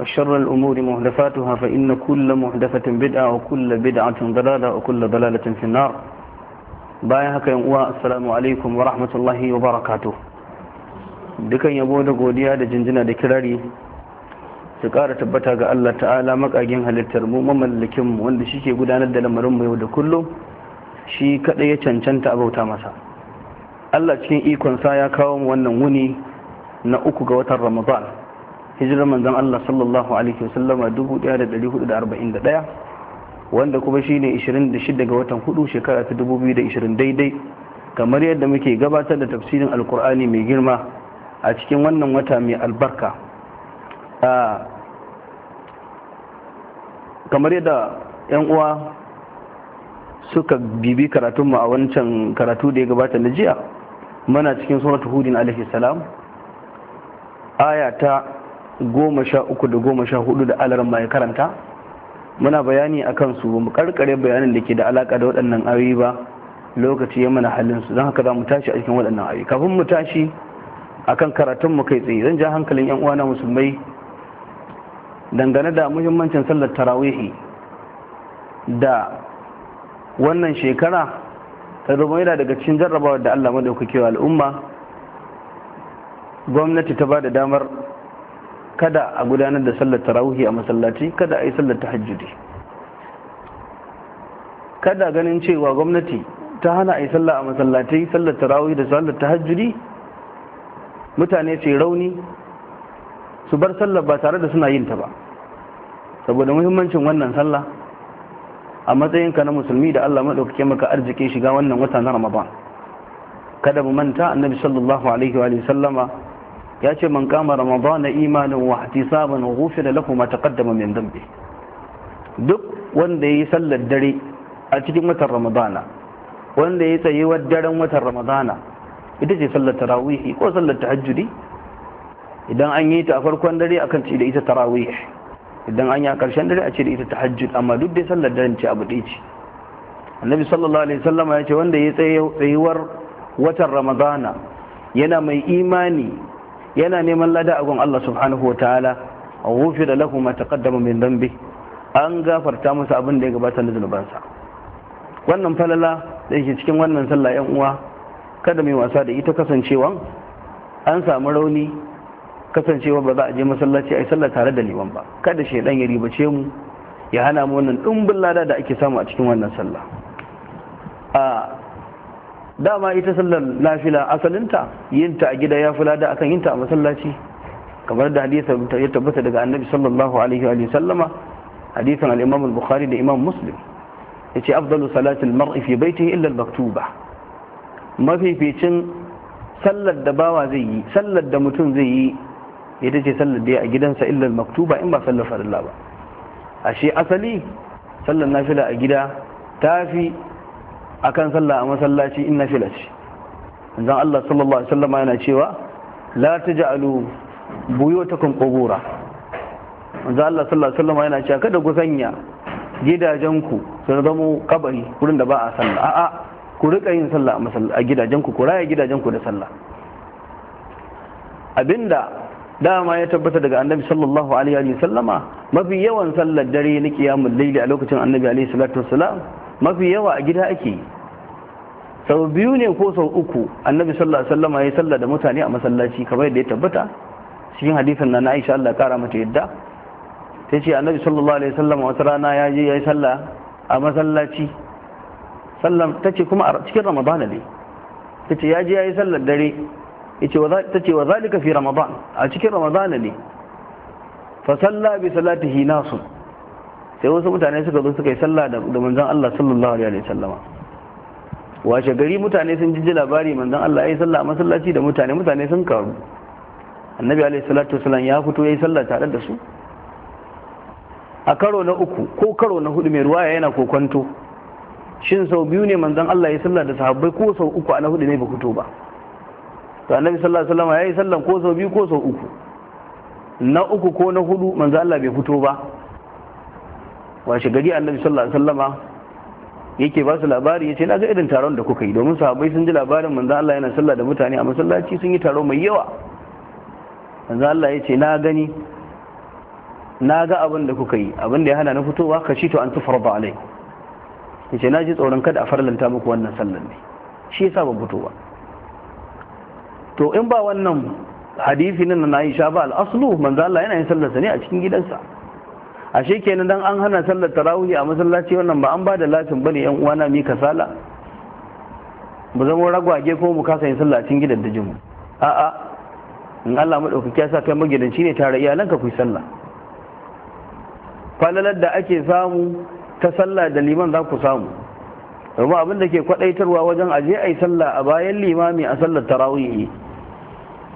وشر الأمور مهدفاتها فإن كل مهدفة بدعة وكل بدعة ضلالة وكل ضلالة في النار بايا هكا ينقوى السلام عليكم ورحمة الله وبركاته dukan yabo da godiya da jinjina da kirari su kara tabbata ga Allah ta'ala makagin halittar mu mamallakin mu wanda shike gudanar da lamarin mu da kullum shi kada ya cancanta abauta masa Allah cikin ikon sa ya kawo mu wannan wuni na uku ga watan Ramadan hijirar manzan Allah sallallahu alaihi wasallama 1441 wanda kuma shine 26 ga watan 4 shekara ta 2020 daidai kamar yadda muke gabatar da tafsirin alkur'ani mai girma a cikin wannan wata mai albarka kamar yadda 'yan uwa suka bibi karatunmu a wancan karatu da ya gabata na jiya mana cikin suratul hudin alaihi salam aya ta goma sha uku da goma sha hudu da alarma mai karanta muna bayani a kansu ba mu karkare bayanin da ke da alaka da waɗannan ayoyi ba lokaci ya mana halin su don haka za mu tashi a cikin waɗannan ayoyi kafin mu tashi akan karatun mu kai tsaye zan ja hankalin yan uwana musulmai dangane da muhimmancin sallar tarawihi da wannan shekara ta zama yana daga cikin jarrabawar da Allah madaukakewa al'umma gwamnati ta ba da damar kada a gudanar da sallar tarawihi a masallaci kada a yi sallar tahajjudi kada ganin cewa gwamnati ta hana a yi sallar a masallaci sallar tarawihi da sallar tahajjudi mutane ce rauni su bar sallar ba tare da suna yin ta ba saboda muhimmancin wannan sallah a matsayinka na musulmi da Allah maɗaukake maka arziki shiga wannan wata na Ramadan kada mu manta annabi sallallahu alaihi wa sallama ya ce man kama ramadana imanin wa ihtisaban ghufira lahu ma taqaddama min dhanbi duk wanda yi sallar dare a cikin watan ramadana wanda ya tsayewar daren watan ramadana ita ce sallar tarawihi ko sallar tahajjudi idan an yi ta a farkon dare akan ce da ita tarawih idan an yi a karshen dare a ce da ita tahajjud amma duk dai sallar daren ce abu ɗaya ce annabi sallallahu alaihi wasallam ya ce wanda ya tsayuwar watan ramadana yana mai imani yana neman lada a Allah subhanahu wa ta'ala a wufi da lahu ma kaddama mai dambi an gafarta musu abin da ya gabata na zunubansa wannan falala da yake cikin wannan sallah yan uwa kada mai wasa da ita kasancewan an samu rauni kasancewa ba za a je masallaci a yi sallah tare da liman ba kada shaidan ya ribace mu ya hana mu wannan dumbin lada da ake samu a cikin wannan sallah a dama ita sallar lafila asalinta yinta a gida ya fula da akan yinta a masallaci kamar da hadisa ya tabbata daga annabi sallallahu alaihi wa sallama hadisan al-imam al-bukhari da imam muslim yace afdalu salati al-mar'i fi baytihi illa al-maktuba mafificin sallar da bawa zai yi sallar da mutum zai yi ita ce sallar da a gidansa illa al-maktuba in ba sallar farilla ba ashe asali sallar nafila a gida tafi akan sallah a masallaci in nafila ce dan Allah sallallahu alaihi wasallam yana cewa la taj'alu buyutakum qubura Zan Allah sallallahu alaihi wasallam yana cewa kada ku sanya gidajenku su zama kabari wurin da ba a sallah a'a ku rika yin sallah a gidajenku ku raya gidajenku da sallah abinda dama ya tabbata daga annabi sallallahu alaihi wa sallama mafi yawan sallar dare na qiyamul layli a lokacin annabi alaihi salatu wasallam mafi yawa a gida ake yi sau biyu ne ko sau uku annabi sallallahu alaihi wasallam ya sallah da mutane a masallaci kamar yadda ya tabbata cikin hadisin na Aisha Allah kara mata yadda ta ce annabi sallallahu alaihi wasallam wata rana ya je ya yi sallah a masallaci sallam ta ce kuma a cikin ramadana ne ta ce ya je ya yi sallar dare ta ce wa zalika fi ramadan a cikin ramadana ne fa salla bi salatihi nasun sai wasu mutane suka zo suka yi sallah da manzon Allah sallallahu alaihi wasallama washe gari mutane sun ji labari manzon Allah ya yi sallah masallaci da mutane mutane sun karu annabi alaihi salatu wasallam ya fito ya yi sallah tare da su a karo na uku ko karo na hudu mai ruwaya yana kokonto shin sau biyu ne manzon Allah ya sallah da sahabbai ko sau uku a na hudu ne ba fito ba to annabi sallallahu alaihi wasallam ya yi sallah ko sau biyu ko sau uku na uku ko na hudu manzon Allah bai fito ba washe gari annabi sallallahu alaihi wasallama yake ba su labari yace na ga irin taron da kuka yi domin sahabbai sun ji labarin manzo Allah yana sallah da mutane a masallaci sun yi taro mai yawa manzo Allah yace na gani na ga abin da kuka yi abin da ya hana na fitowa ka shi to an tufar ba alai yace na ji tsoron kada a farlanta muku wannan sallan ne shi yasa ban fito ba to in ba wannan hadisi nan na Aisha ba al-aslu manzo Allah yana yin sallarsa ne a cikin gidansa ashe kenan dan an hana sallar tarawih a masallaci wannan ba an ba da latin bane yan uwana mi kasala mu zama ragwage ko mu kasa yin sallacin cikin gidan da jimu a'a in Allah madaukaki ya sa kai magidanci ne tare iyalanka ku yi sallah falalar da ake samu ta sallah da liman za ku samu domin abin da ke kwadaitarwa wajen aje a yi sallah a bayan limami a sallar tarawih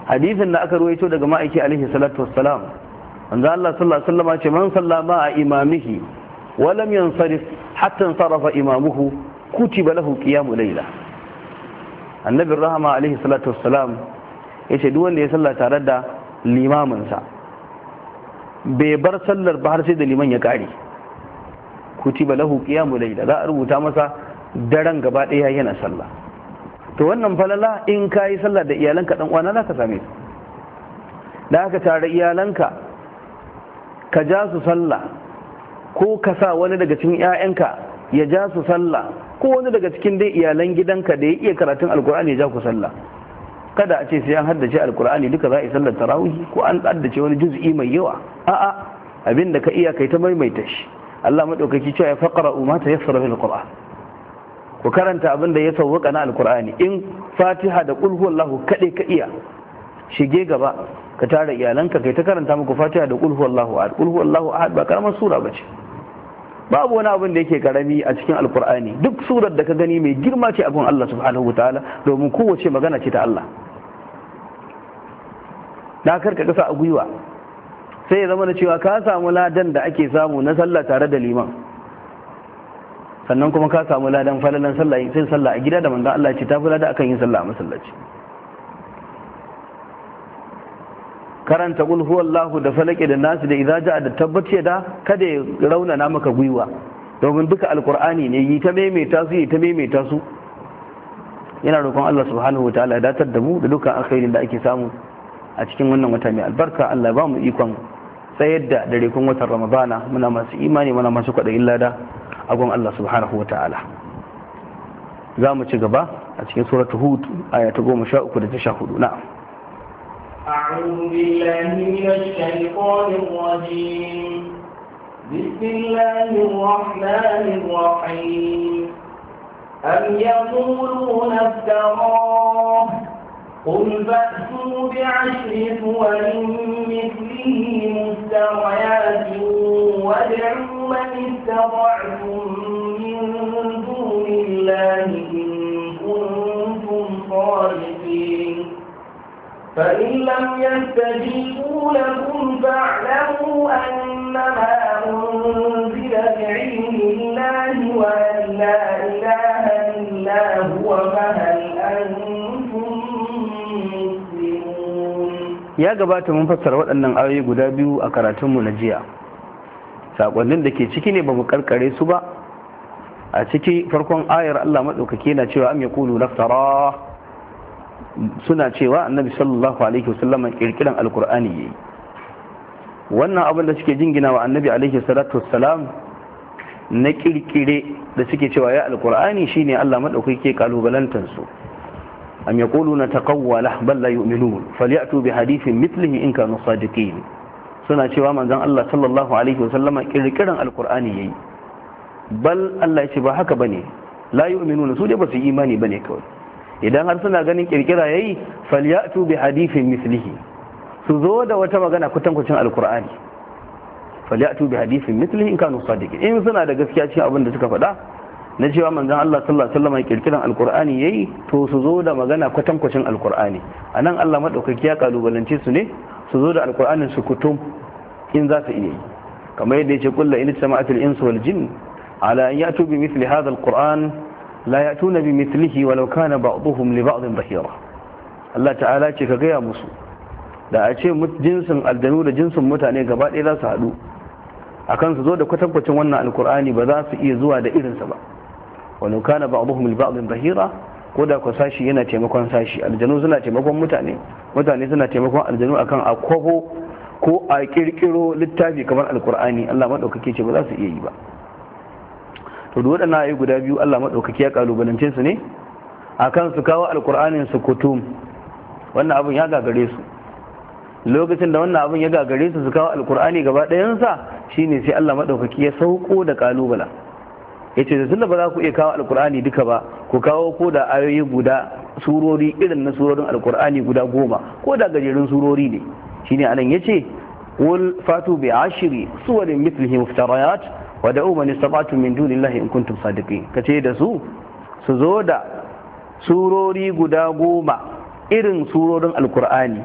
hadisin da aka ruwaito daga ma'aiki alaihi salatu wassalam manzo Allah sallallahu alaihi wasallam ce man sallama a imamihi wa lam yansarif hatta sarafa imamuhu kutiba lahu qiyamul layla annabi rahama alaihi salatu wassalam yace duk ya salla tare da limaminsa bai bar sallar ba har sai da liman ya kare kutiba lahu qiyamul layla za a rubuta masa daren gaba yana sallah to wannan falala in ka yi sallah da iyalanka dan uwana za ka same su da haka tare iyalanka ka ja su sallah ko ka sa wani daga cikin 'ya'yanka ya ja su sallah ko wani daga cikin dai iyalan gidanka da ya iya karatun alkur'ani ya ja ku sallah kada a ce sai an haddace alkur'ani duka za a yi sallar tarawih ko an haddace wani juz'i mai yawa a'a abin da ka iya kai ta maimaita shi Allah madaukaki cewa ya faqara ma ta yassara fil qur'an ku karanta abin da ya sauwaka na alkur'ani in fatiha da qul huwallahu kade ka iya shige gaba ka tara iyalanka kai ta karanta muku fatiha da qul huwallahu ahad qul huwallahu ahad ba karamar sura bace babu wani abin da yake karami a cikin alkur'ani duk surar da ka gani mai girma ce abin Allah subhanahu wa domin kowace magana ce ta Allah na karka kasa a gwiwa sai ya zama da cewa ka samu ladan da ake samu na sallah tare da liman sannan kuma ka samu ladan falalan sallah yin sallah a gida da manzon Allah ce ta fi akan yin sallah a masallaci karanta gul huwallahu da falake da nasu da idza ja'a da tabbati da kada ya raunana maka gwiwa domin duka alkur'ani ne yi ta maimaita su yi ta maimaita su yana roƙon Allah subhanahu wataala ya datar da mu da dukkan alkhairin da ake samu a cikin wannan wata mai albarka Allah ba mu ikon tsayar da dare kun watan Ramadana muna masu imani muna masu kwaɗayin lada a gon Allah subhanahu wataala za mu ci gaba a cikin suratul hud aya ta goma sha uku da ta sha hudu na'am أعوذ بالله من الشيطان الرجيم بسم الله الرحمن الرحيم أم يقولون افتراه قل فأتوا بعشر سور مثله مستويات وادعوا من استطعتم من دون الله إن كنتم صالحين فإن لم يستجيبوا لكم فاعلموا أنما أنزل بعلم الله وأن لا إله إلا هو فهل ya gabata mun fassara waɗannan ayoyi guda biyu a karatunmu na jiya saƙonnin da ke ciki ne ba mu karkare su ba a ciki farkon ayar Allah maɗaukaki na cewa am yaqulu naftara suna cewa annabi sallallahu alaihi wasallama kirkiran alkur'ani yayi wannan abin da suke jingina wa annabi alaihi salatu wassalam na kirkire da suke cewa ya alkur'ani shine Allah madaukaki ke kalubalantar su am yaquluna taqawwala bal la yu'minun falyatu bi hadithin mithlihi in kanu sadiqin suna cewa manzon Allah sallallahu alaihi wasallama kirkiran alkur'ani yayi bal Allah ya ce ba haka bane la yu'minuna su dai ba su imani bane kawai idan har suna ganin kirkira yayi falyatu bi hadithin mislihi su zo da wata magana kutankucin alkur'ani falyatu bi hadithin mislihi in kanu sadiqin in suna da gaskiya cikin abin da suka faɗa na cewa manzon Allah sallallahu alaihi wasallam kirkiran alkur'ani yayi to su zo da magana kutankucin alkur'ani anan Allah madaukaki ya kalubalance su ne su zo da alkur'anin su kutum in za su iya yi kamar yadda ya ce kullu inna sama'atul insu wal jin ala an yatu bi mithli hadha alqur'an la tuna bi mithlihi walau kana ba'dhum li ba'dhin dhahira Allah ta'ala ce ka gaya musu da a ce jinsin aljanu da jinsin mutane gaba ɗaya za su haɗu a kan su zo da kwatankwacin wannan alkur'ani ba za su iya zuwa da irinsa ba wani kana ba abu humil ba'adun bahira ko da ku sashi yana taimakon sashi aljanu suna taimakon mutane mutane suna taimakon aljanu akan a kwabo ko a kirkiro littafi kamar alkur'ani allah maɗaukaki ce ba za su iya yi ba to da waɗannan ayi guda biyu Allah maɗaukaki ya ƙalubalance su ne kan su kawo alkur'anin su kutum wannan abin ya gagare su lokacin da wannan abin ya gagare su su kawo Alƙur'ani gaba ɗayansa shine sai Allah maɗaukaki ya sauko da ƙalubala. ya ce tunda ba za ku iya kawo Alƙur'ani duka ba ku kawo ko da ayoyi guda surori irin na surorin Alƙur'ani guda goma ko da gajerun surori ne shine anan ya ce wal fatu bi ashiri suwarin mithlihi muftariyat wa da'u man istata'tum min dunillahi in kuntum sadiqin kace da su su zo da surori guda goma irin surorin alkur'ani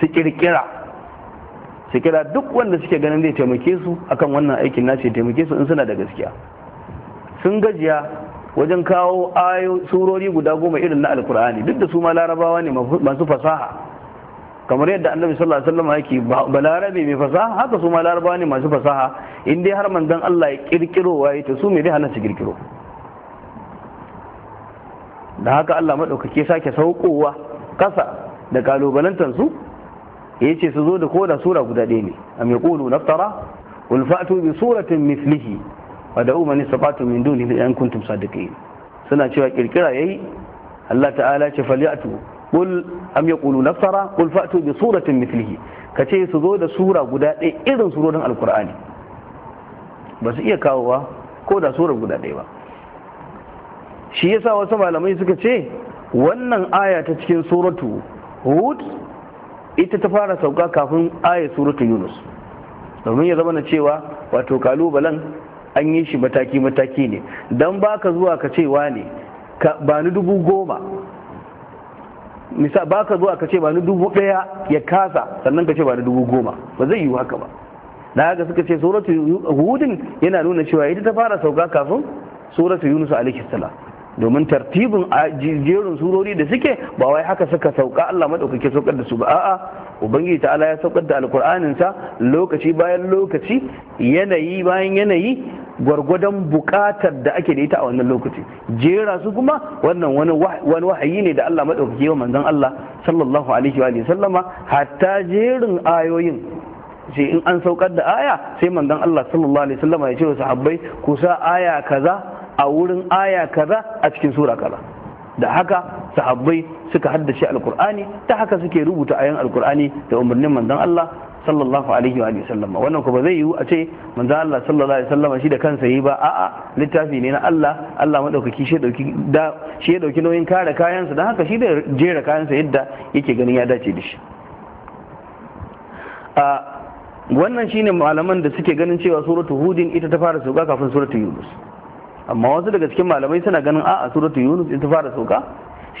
su kirkira su kira duk wanda suke ganin zai taimake su akan wannan aikin nasu ya taimake su in suna da gaskiya sun gajiya wajen kawo ayo surori guda goma irin na alkur'ani duk da su ma larabawa ne masu fasaha kamar yadda annabi sallallahu alaihi wasallam yake balarabe mai fasaha haka su ma larabawa ne masu fasaha in dai har manzon Allah ya kirkiro waye to su me dai su kirkiro da haka Allah madaukake sake saukowa kasa da kalubalantan su ce su zo da koda sura guda ɗaya ne am yaqulu naftara qul fa'tu bi suratin mithlihi wa da'u man istata'tum min dunihi in kuntum sadiqin suna cewa kirkira yayi Allah ta'ala ce falyatu qul am yaquluna naftara qul fa'tu bi suratin mithlihi kace su zo da sura guda ɗaya irin surorin alqur'ani ba su iya kawowa ko da sura guda ɗaya ba shi yasa wasu malamai suka ce wannan aya ta cikin suratu hud ita ta fara sauka kafin aya suratu yunus domin ya zama na cewa wato kalubalen an yi shi mataki-mataki ne don ba ka zuwa ka cewa ne ba ni dubu goma misa ba ka zuwa ka ce ba ni dubu ɗaya ya kasa sannan ka ce ba ni dubu goma ba zai yiwu haka ba da haka suka ce suratu hudin yana nuna cewa ita ta fara sauka kafin suratu yunus alaihi salam domin tartibin a jerin surori da suke ba wai haka suka sauka Allah madaukake saukar da su ba a'a ubangiji ta'ala ya saukar da alkur'anin sa lokaci bayan lokaci yanayi bayan yanayi gwargwadon bukatar da ake da ita a wannan lokaci jera su kuma wannan wani wahayi ne da Allah madaukake wa manzon Allah sallallahu alaihi wa sallama hatta jerin ayoyin sai in an saukar da aya sai manzon Allah sallallahu alaihi wa sallama ya ce wa sahabbai ku sa aya kaza a wurin aya kaza a cikin sura kaza da haka sahabbai suka haddace alkur'ani ta haka suke rubuta ayan alkur'ani da umarnin manzon Allah sallallahu alaihi wa sallama wannan ko ba zai yiwu a ce manzon Allah sallallahu alaihi wa sallama shi da kansa yi ba a'a littafi ne na Allah Allah madaukaki shi dauki da shi dauki nauyin kare kayansa dan haka shi da jera kayansa yadda yake ganin ya dace da shi a wannan shine malaman da suke ganin cewa suratu hudin ita ta fara sauka kafin suratu yunus amma wasu daga cikin malamai suna ganin a'a suratu yunus in ta fara sauka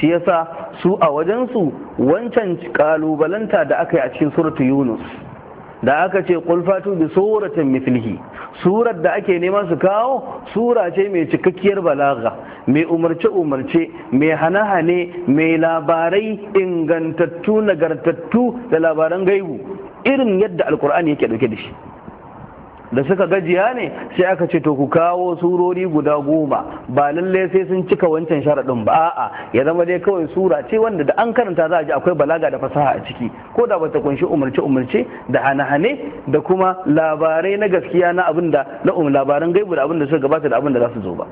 shi yasa su a wajensu wancan kalubalanta da aka yi a cikin suratu yunus da aka ce kulfatu bi suratin mithlihi surar da ake neman su kawo sura ce mai cikakkiyar balaga mai umarce umarce mai hane-hane mai labarai ingantattu nagartattu da labaran gaibu irin yadda alkur'ani yake dauke da shi da suka gajiya ne sai aka ce to ku kawo surori guda goma ba lallai sai sun cika wancan sharaɗin ba a'a ya zama dai kawai sura ce wanda da an karanta za a ji akwai balaga da fasaha a ciki ko da bata kunshi umarce umarce da hane-hane da kuma labarai na gaskiya na abin da na um, labaran gaibu da abin da suka gabata da abin da za su zo ba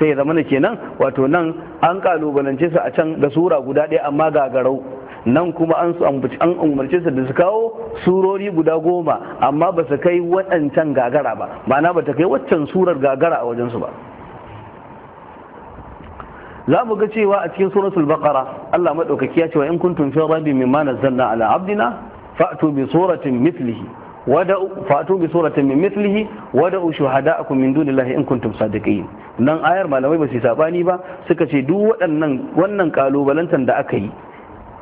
sai ya zama kenan wato nan an kalubalance su a can da sura guda ɗaya amma gagarau nan kuma an su an umarce su da su kawo surori guda goma amma ba su kai waɗancan gagara ba mana ba ta kai waccan surar gagara a wajensu ba za mu ga cewa a cikin suratul baqara Allah maɗaukaki ya ce wa in kuntum fi rabbin mimma nazzalna ala abdina fa'tu bi suratin mithlihi Wada fa'tu bi suratin min mithlihi wada shuhada'akum min dunillahi in kuntum sadiqin nan ayar malamai ba su sabani ba suka ce duk waɗannan wannan kalubalantan da aka yi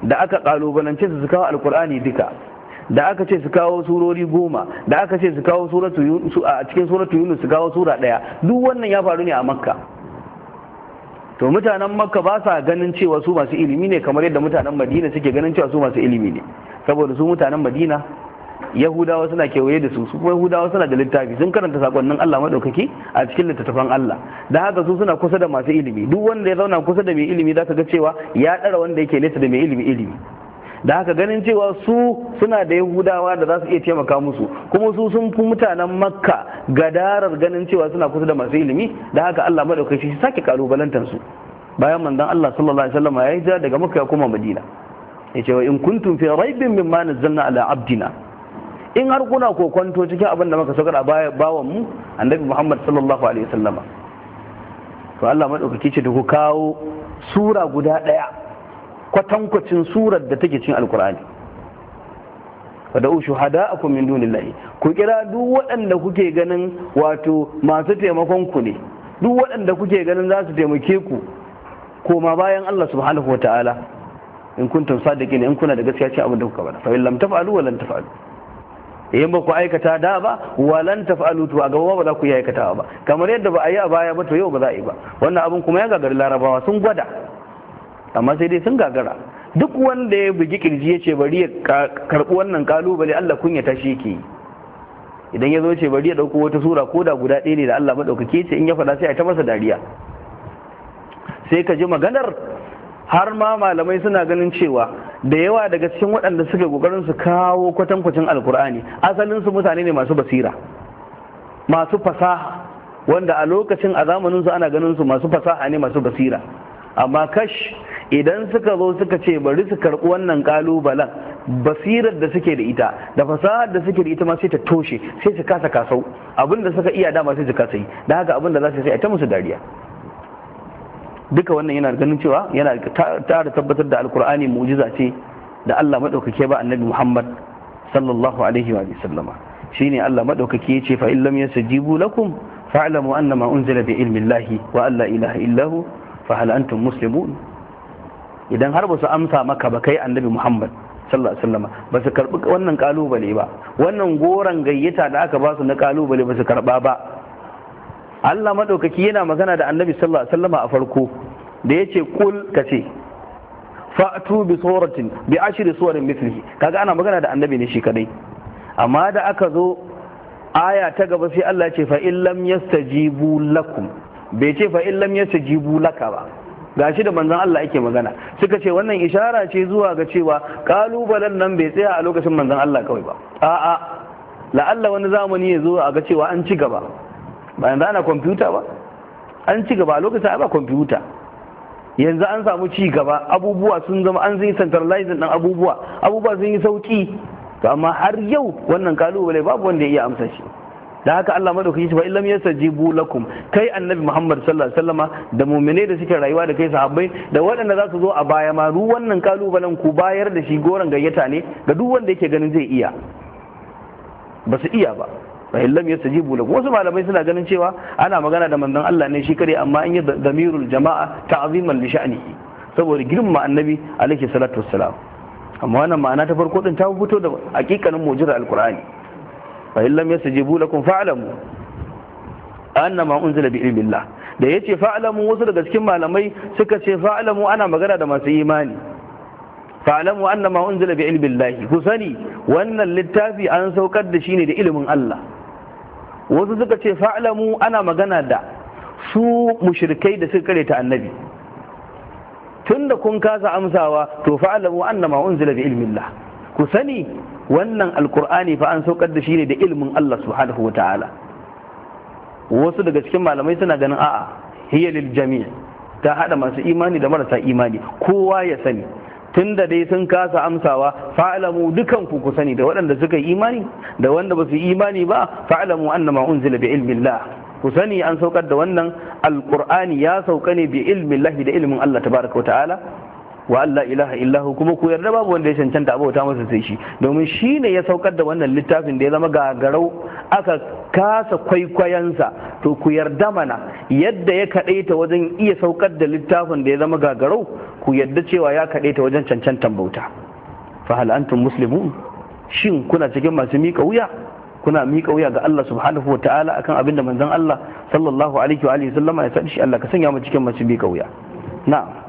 da aka kalubalance su su kawo alkur'ani duka da aka ce su kawo surori goma da aka ce su kawo a cikin suratu yunus su kawo sura daya duk wannan ya faru ne a makka to mutanen makka ba sa ganin cewa su masu ilimi ne kamar yadda mutanen madina suke ganin cewa su masu ilimi ne saboda su mutanen madina yahudawa suna kewaye da su su kuma yahudawa suna da littafi sun karanta sakonnin Allah madaukaki a cikin littattafan Allah da haka su suna kusa da masu ilimi duk wanda ya zauna kusa da mai ilimi zaka ga cewa ya dara wanda yake nesa da mai ilimi ilimi da haka ganin cewa su suna da yahudawa da za su iya taimaka musu kuma su sun fi mutanen makka gadarar ganin cewa suna kusa da masu ilimi da haka Allah madaukaki shi sake kalubalantar su bayan manzon Allah sallallahu alaihi wasallam ya hijira daga makka ya koma madina yace wa in kuntum fi raibin mimma nazzalna ala abdina in har kuna kokonto cikin abin da muka saukar a bawan mu annabi muhammad sallallahu alaihi wasallama to Allah madaukaki ce ku kawo sura guda daya kwatankwacin surar da take cikin alkur'ani fada'u shuhada'akum min dunillahi ku kira duk waɗanda kuke ganin wato masu taimakon ku ne duk waɗanda kuke ganin za su taimake ku koma bayan Allah subhanahu wa ta'ala in kuntum sadiqin in kuna da gaskiya ce abin da kuka faɗa fa in lam taf'alu wa taf'alu in ba ku aikata da ba walan taf'alu to a gaba ba za ku yi aikata ba kamar yadda ba a yi a baya ba to yau ba za a yi ba wannan abin kuma ya gagari larabawa sun gwada amma sai dai sun gagara duk wanda ya bugi kirji ya ce bari ya karɓi wannan kalubale Allah kunya ta shi ke idan ya zo ce bari ya ɗauko wata sura ko da guda ɗaya ne da Allah maɗaukake ce in ya faɗa sai a ta masa dariya sai ka ji maganar har ma malamai suna ganin cewa da yawa daga cikin waɗanda suke ƙoƙarin su kawo kwatankwacin alkur'ani asalin su mutane ne masu basira masu fasaha wanda a lokacin a zamanin su ana ganin su masu fasaha ne masu basira amma kash idan suka zo suka ce bari su karɓi wannan ƙalubalen basirar da suke da ita da fasahar da suke da ita ma sai ta toshe sai su kasa kasau abin da suka iya dama sai su kasa yi da haka abin da za su sai a ta musu dariya duka wannan yana ganin cewa yana tara tabbatar da alkur'ani mu'jiza ce da Allah madaukake ba annabi Muhammad sallallahu alaihi wa sallama shine Allah madaukake yace fa illam yasjibu lakum fa'lamu annama unzila bi ilmi llahi wa alla ilaha illahu fa hal antum muslimun idan har ba su amsa maka ba kai annabi Muhammad sallallahu alaihi wasallama ba su karbi wannan kalubale ba wannan goran gayyata da aka ba su na kalubale ba su karba ba Allah madaukaki yana magana da annabi sallallahu alaihi wasallama a farko da yace kul kace fa'tu bi suratin bi ashri suwarin mithlihi kaga ana magana da annabi ne shi kadai amma da aka zo aya ta gaba sai Allah ce fa in lam yastajibu lakum bai ce fa in lam yastajibu laka ba gashi da manzon Allah yake magana suka ce wannan ishara ce zuwa ga cewa kalubalen nan bai tsaya a lokacin manzon Allah kawai ba a'a la'alla wani zamani ya zo a ga cewa an ci gaba ba yanzu ana kwamfuta ba an ci gaba lokacin ba kwamfuta yanzu an samu ci gaba abubuwa sun zama an zai centralizing ɗin abubuwa abubuwa sun yi sauƙi, to amma har yau wannan kalubale babu wanda ya iya amsa shi da haka Allah madaukaki shi fa illam yastajibu lakum kai annabi Muhammad sallallahu alaihi wasallama da mu'mine da suke rayuwa da kai sahabbai da waɗanda za su zo a baya ma ru wannan kalubalen ku bayar da shi goran gayyata ne ga duk wanda yake ganin zai iya ba su iya ba fa illam yastajibu lahu wasu malamai suna ganin cewa ana magana da manzon Allah ne shi kare amma an yi damirul jama'a ta'ziman li sha'nihi saboda girma annabi alaihi salatu wassalam amma wannan ma'ana ta farko din ta fito da hakikanin mu'jizar alqur'ani fa illam yastajibu lakum fa'lamu annama unzila bi ilmillah da yace fa'lamu wasu daga cikin malamai suka ce fa'lamu ana magana da masu imani fa'lamu annama unzila bi ilmillah ku sani wannan littafi an saukar da shi ne da ilimin Allah wasu suka ce fa'lamu ana magana da su mushrikai da suka kare ta annabi tunda kun kasa amsawa to fa'lamu annama unzila bi ilmillah ku sani wannan alkur'ani fa an saukar da shi ne da ilmin Allah subhanahu wa ta'ala wasu daga cikin malamai suna ganin a'a hiya lil ta haɗa masu imani da marasa imani kowa ya sani tun da dai sun kasa amsawa fa'alamu dukan ku ku sani da waɗanda suka yi imani da wanda ba su yi imani ba fa'alamu annama unzila bi ilmillah ku sani an saukar da wannan alqur'ani ya sauka ne bi ilmillah da ilmin Allah tabaraka wa ta'ala wa Allah ilaha illahu kuma ku yarda babu wanda ya cancanta abota masa sai shi domin shi ne ya saukar da wannan littafin da ya zama gagarau aka kasa kwaikwayansa to ku yarda mana yadda ya kadaita wajen iya saukar da littafin da ya zama gagarau ku yarda cewa ya kadaita wajen cancantan bauta fa hal antum muslimun shin kuna cikin masu miƙa wuya kuna miƙa wuya ga Allah subhanahu wa ta'ala akan abin da manzon Allah sallallahu alaihi wa alihi sallama ya faɗi shi Allah ka sanya mu cikin masu miƙa wuya na'am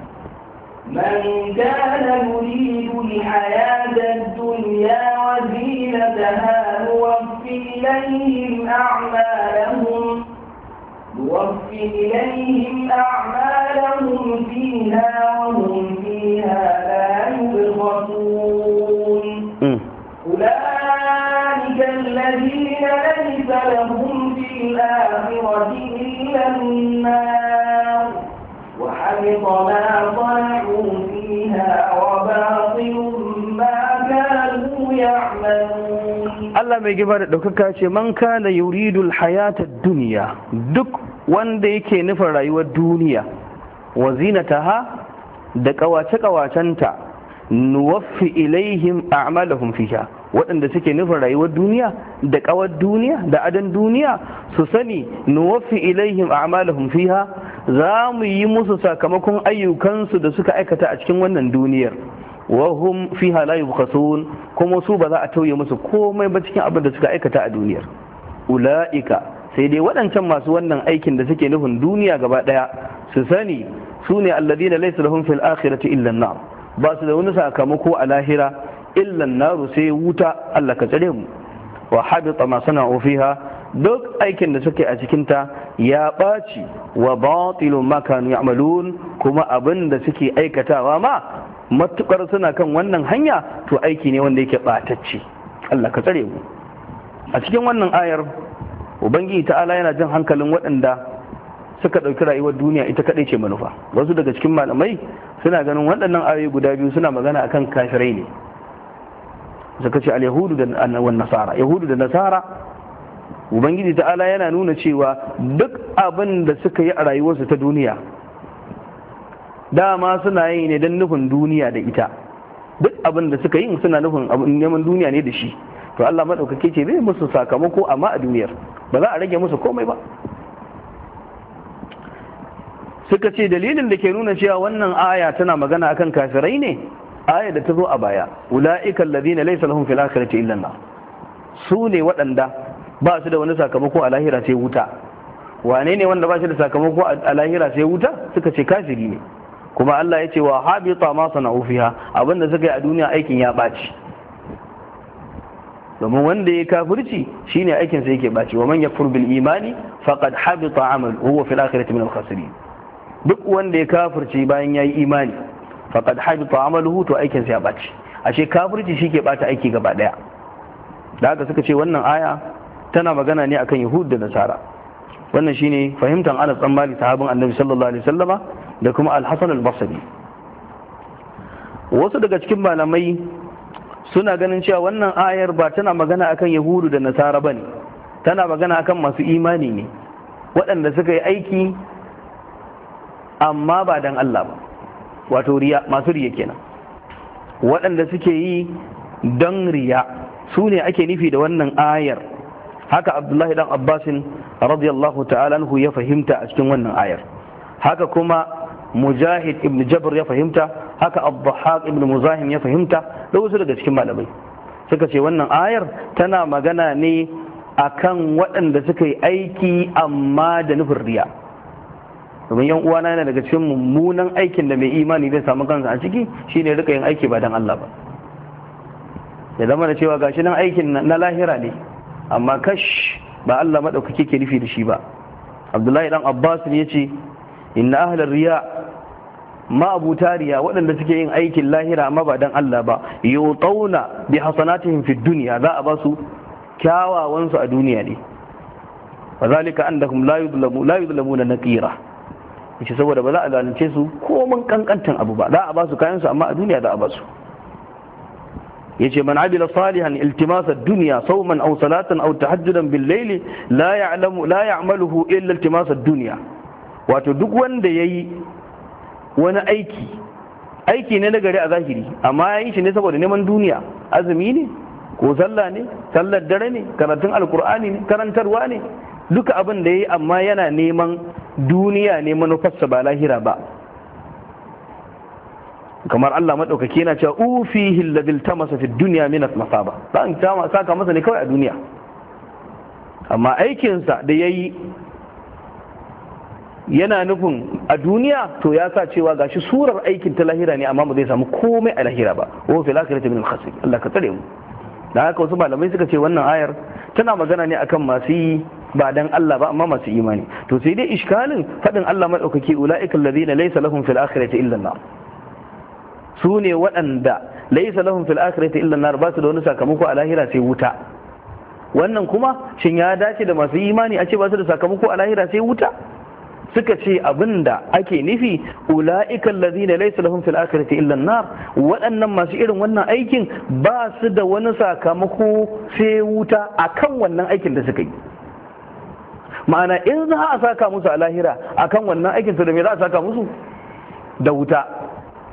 من كان يريد الحياة الدنيا وزينتها نوفي إليهم أعمالهم نوفي إليهم أعمالهم فيها وهم فيها لا يبخسون أولئك الذين ليس لهم في الآخرة إلا النار وحبط ما صنعوا فيها وباطل ما كانوا يعملون Allah mai gaba da ɗaukaka ce man kana yuridul hayata duniya duk wanda yake nufin rayuwar duniya wa zinataha da ƙawace-ƙawacenta nuwaffi ilaihim a'malahum fiha waɗanda suke nufin rayuwar duniya da ƙawar duniya da adon duniya su sani nuwaffi ilaihim a'malahum fiha za mu yi musu sakamakon ayyukansu da suka aikata a cikin wannan duniyar wahum fi la yubkhasun kuma su ba za a tauye musu komai ba cikin abin da suka aikata a duniyar ula'ika sai dai waɗancan masu wannan aikin da suke nufin duniya gaba ɗaya su sani su ne alladina laysa lahum fil akhirati illa an ba su da wani sakamako a lahira illa an sai wuta Allah ka tsare mu wa habita ma sana'u fiha duk aikin da suke a cikinta ya ɓaci wa batilun makanu ya'malun kuma abin da suke aikatawa ma matukar suna kan wannan hanya to aiki ne wanda yake ɓatacce Allah ka tsare mu a cikin wannan ayar ubangiji ta'ala yana jan hankalin waɗanda suka ɗauki rayuwar duniya ita kaɗai ce manufa wasu daga cikin malamai suna ganin waɗannan ayoyi guda biyu suna magana akan kafirai ne suka ce al-yahudu da nasara yahudu da nasara ubangiji ta'ala yana nuna cewa duk abin da suka yi a rayuwarsu ta duniya dama suna yi ne don nufin duniya da ita duk abin da suka yi suna nufin neman duniya ne da shi to Allah maɗaukake ce zai musu sakamako amma a duniyar ba za a rage musu komai ba suka ce dalilin da ke nuna cewa wannan aya tana magana akan kafirai ne aya da ta zo a baya ula'ikan Ladina laysa lahum fil akhirati illa su ne waɗanda ba su da wani sakamako a lahira sai wuta wane ne wanda ba shi da sakamako a lahira sai wuta suka ce kafiri ne kuma Allah ya ce wa habita ma sana'u fiha abinda suka yi a duniya aikin ya baci. domin wanda ya kafirci shine aikin sa yake baci wa man yakfur bil imani faqad habita amaluhu wa fil akhirati min al khasirin duk wanda ya kafirci bayan yayi imani faqad habita amaluhu to aikin sa ya baci. ashe kafirci shi ke bata aiki gaba daya da haka suka ce wannan aya tana magana ne akan yahud da nasara wannan shine fahimtar anas dan malik sahabin annabi sallallahu alaihi wasallama da kuma al-hasan al-basri wasu daga cikin malamai suna ganin cewa wannan ayar ba tana magana akan yahudu da nasara bane tana magana akan masu imani ne waɗanda suka yi aiki amma ba dan Allah ba wato riya masu riya kenan waɗanda suke yi don riya sune ake nufi da wannan ayar haka abdullahi dan abbasin radiyallahu ta'ala anhu ya fahimta a cikin wannan ayar haka kuma mujahid ibn jabr ya fahimta haka abdullahi ibn muzahim ya fahimta da wasu daga cikin malamai suka ce wannan ayar tana magana ne akan waɗanda suka yi aiki amma da nufin riya domin yan uwana yana daga cikin mummunan aikin da mai imani zai samu kansa a ciki shine rika yin aiki ba dan Allah ba ya zama da cewa gashi nan aikin na lahira ne amma kash ba Allah maɗaukaki ke nufi da shi ba Abdullahi dan Abbas ne ya ce inna ahlar riya ma abu tariya waɗanda suke yin aikin lahira amma ba dan Allah ba yutauna bi hasanatihim fid dunya za a ba su kyawawan su a duniya ne wa zalika annahum la yudlamu la yudlamuna naqira yace saboda ba za a zalunce su komin kankantan abu ba za a ba su kayan su amma a duniya za a ba su yace man abila salihan iltimasa dunya sawman aw salatan aw tahajjudan bil layli la ya'lamu la ya'maluhu illa iltimasa dunya wato duk wanda yayi wani aiki aiki ne na gari a zahiri amma yayin shi ne saboda neman duniya azumi ne ko sallah ne sallar dare ne karatun alkur'ani ne karantarwa ne duka abin da yi amma yana neman duniya ne manufarsa ba lahira ba kamar Allah maɗaukaki yana cewa ufihi ta tamasa fi dunya min masaba dan ta saka masa ne kawai a duniya amma aikinsa sa da yayi yana nufin a duniya to ya sa cewa gashi surar aikin ta lahira ne amma ba zai samu komai a lahira ba wa fil ta min al-khasir Allah ka tsare mu dan haka wasu malamai suka ce wannan ayar tana magana ne akan masu yi ba dan Allah ba amma masu imani to sai dai iskalin fadin Allah madaukake ulaiikal ladina laysa lahum fil akhirati illa an su ne waɗanda laisa lahum fil akhirati illa nar ba su da wani sakamako a lahira sai wuta wannan kuma shin ya dace da masu imani a ce ba su da sakamako a lahira sai wuta suka ce abinda ake nufi ula'ikan lazina laisa lahum fil akhirati illa nar waɗannan masu irin wannan aikin ba su da wani sakamako sai wuta akan wannan aikin da suka yi ma'ana in za a saka musu a lahira akan wannan aikin su da me za a saka musu da wuta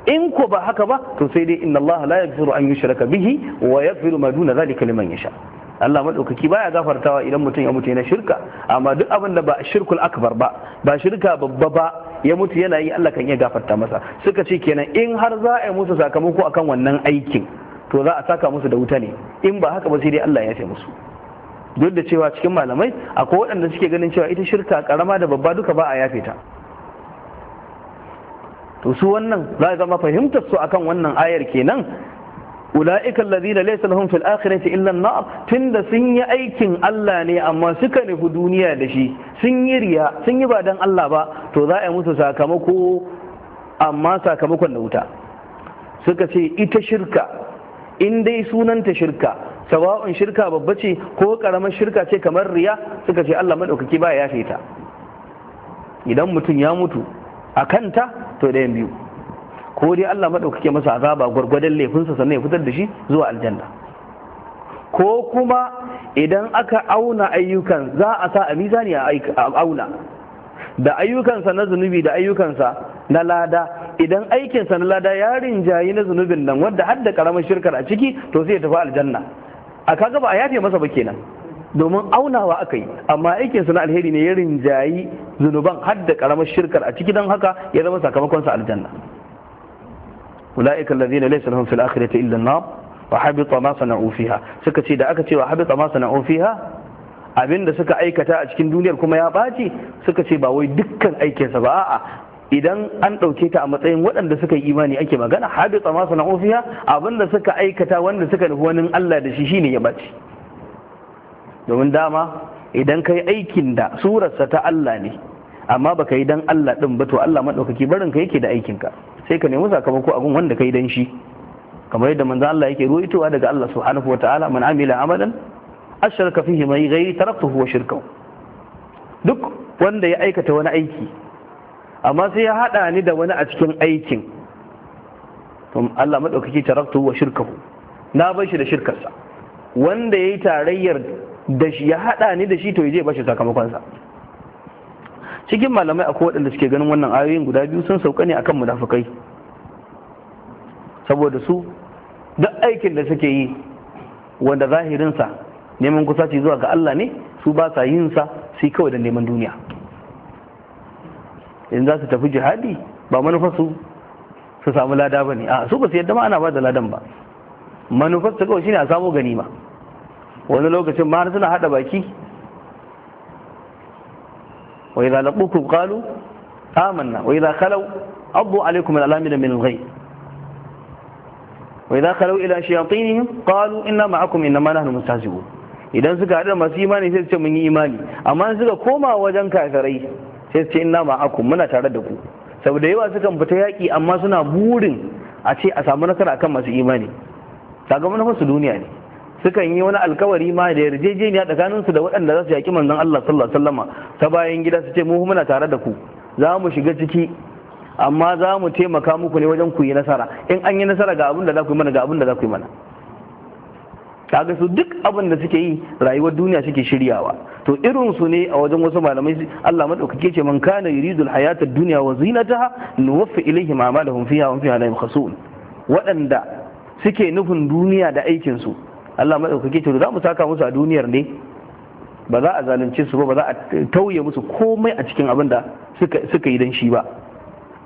in ko ba haka ba to sai dai inna Allah la yaghfiru an yushraka bihi wa yaghfiru ma duna zalika liman yasha Allah madaukaki baya gafartawa idan mutum ya mutu yana shirka amma duk abin da ba shirkul akbar ba ba shirka babba ba ya mutu yana yi Allah kan iya gafarta masa suka ce kenan in har za a yi musu sakamako akan wannan aikin to za a saka musu da wuta ne in ba haka ba sai dai Allah ya yafe musu duk da cewa cikin malamai akwai waɗanda suke ganin cewa ita shirka karama da babba duka ba a yafe ta to su wannan za zama fahimtar su akan wannan ayar kenan ula'ika allazina laysa lahum fil akhirati illa an-nar tunda sun yi aikin Allah ne amma suka nufi duniya da shi sun yi riya sun yi ba dan Allah ba to za a yi musu sakamako amma sakamakon da wuta suka ce ita shirka in dai sunanta shirka sawa'un shirka babba ce ko karamar shirka ce kamar riya suka ce Allah madaukaki ba ya yafe ta idan mutum ya mutu a kanta to ɗayan biyu ko dai Allah maɗaukake masa azaba gwargwadon laifinsa sannan ya fitar da shi zuwa aljanna ko kuma idan aka auna ayyukan za a sa a mizani a auna da ayyukansa na zunubi da ayyukansa na lada idan aikinsa na lada ya rinjayi na zunubin nan wadda har da karamar shirkar a ciki to sai ya tafi aljanna a kaga ba a yafe masa ba kenan domin aunawa aka yi amma aikinsa na alheri ne ya rinjayi zunuban har da karamar shirkar a ciki don haka ya zama sakamakon sa aljanna ulaika alladhina laysa lahum fil akhirati illa an-nar wa habita ma sana'u fiha suka ce da aka ce wa habita ma sana'u fiha abinda suka aikata a cikin duniyar kuma ya baci suka ce ba wai dukkan aikinsa ba a'a idan an ɗauke ta a matsayin waɗanda suka yi imani ake magana habita ma sana'u fiha abinda suka aikata wanda suka nufi wani Allah da shi shine ya ɓaci domin dama idan kai aikin da surarsa ta Allah ne amma baka yi dan Allah din ba to Allah madaukaki barin ka yake da aikin ka sai ka nemi sakamako a gun wanda kai dan shi kamar yadda manzo Allah yake ruwaitowa daga Allah subhanahu wataala man amila amalan asharaka fihi mai ghairi taraktuhu wa shirkahu duk wanda ya aikata wani aiki amma sai ya hada ni da wani a cikin aikin to Allah madaukaki taraktuhu wa shirkahu na bar shi da shirkarsa wanda yayi tarayyar da shi ya haɗa ni da shi to je bashi sakamakonsa cikin malamai akwai waɗanda suke ganin wannan ayoyin guda biyu sun sauka ne akan munafukai saboda su duk aikin da suke yi wanda zahirinsa neman kusa kusaci zuwa ga Allah ne su ba sa yin sa sai kawai da neman duniya in za su tafi jihadi ba manufarsu su samu lada ba ne a su ba su yadda ma ana ba da ladan ba manufar su kawai shine a samu ganima wani lokacin ma suna hada baki wa idza laqukum qalu amanna wa idza khalu addu alaykum al-alamin min alghayb wa idza khalu ila shayatinihim qalu inna ma'akum innama nahnu mustahzi'un idan suka hada masu imani sai su ce mun yi imani amma suka koma wajen kafirai sai su ce inna ma'akum muna tare da ku saboda yawa sukan fita yaƙi amma suna burin a ce a samu nasara akan masu imani kaga manufar su duniya ne sukan yi wani alkawari ma da yarjejeniya tsakanin su da waɗanda za su yaƙi manzon Allah sallallahu alaihi wasallam ta bayan gida su ce mu muna tare da ku za mu shiga ciki amma za mu taimaka muku ne wajen ku yi nasara in an yi nasara ga abin da za ku yi mana ga abin da za ku yi mana kaga su duk abin da suke yi rayuwar duniya suke shiryawa to irin su ne a wajen wasu malamai Allah madaukake ce man kana yuridu alhayata ad-dunya wa zinataha nuwaffi ilayhim a'malahum fiha wa fiha la yabkhasun waɗanda suke nufin duniya da aikin su Allah madaukake to za mu saka musu a duniyar ne ba za a zalunce su ba ba za a tauye musu komai a cikin abin da suka yi don shi ba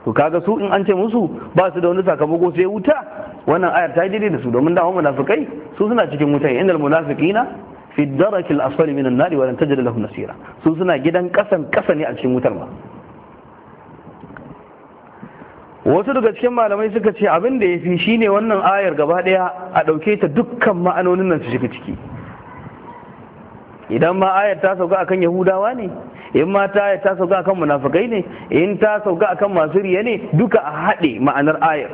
to kaga su in an ce musu ba su da wani sakamako sai wuta wannan ayar ta daidai da su domin da munafikai su suna cikin wuta innal munafiqina fi darakil asfali minan nari wa lan tajid lahum nasira su suna gidan kasan kasa ne a cikin wutar ba wasu daga cikin malamai suka ce abin da ya fi shi ne wannan ayar gaba daya a ɗauke ta dukkan ma'anonin nan su shiga ciki idan ma ayar ta sauka akan yahudawa ne in ma ta ayar ta sauka akan munafukai ne in ta sauka akan masu riya ne duka a haɗe ma'anar ayar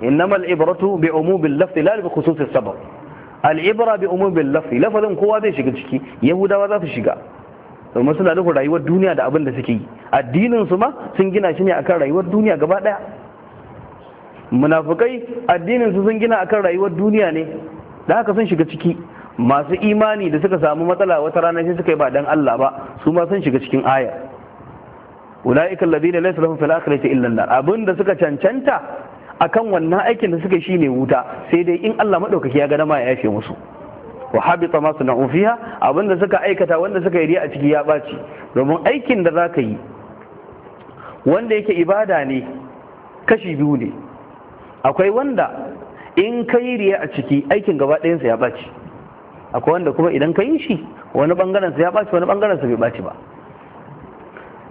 innamal ibratu bi umubil lafzi la bi khususis sabab al ibra bi umubil lafzi lafazin kowa zai shiga ciki yahudawa za su shiga domin suna nufin rayuwar duniya da abin da suke yi addinin su ma sun gina shi ne akan rayuwar duniya gaba daya munafukai addinin su sun gina akan rayuwar duniya ne da haka sun shiga ciki masu imani da suka samu matsala wata rana sai suka yi ba dan Allah ba su ma sun shiga cikin aya ulaika alladhina laysa lahum fil akhirati illa an abin da suka cancanta akan wannan aikin da suka ne wuta sai dai in Allah madaukaki ya ga dama ya yafe musu wa habita masu na'u fiha abinda suka aikata wanda suka yi a ciki ya ɓaci domin aikin da za ka yi wanda yake ibada ne kashi biyu ne akwai wanda in ka yi riya a ciki aikin gaba ɗayansa ya ɓaci akwai wanda kuma idan ka yi shi wani sa ya ɓaci wani sa bai ɓaci ba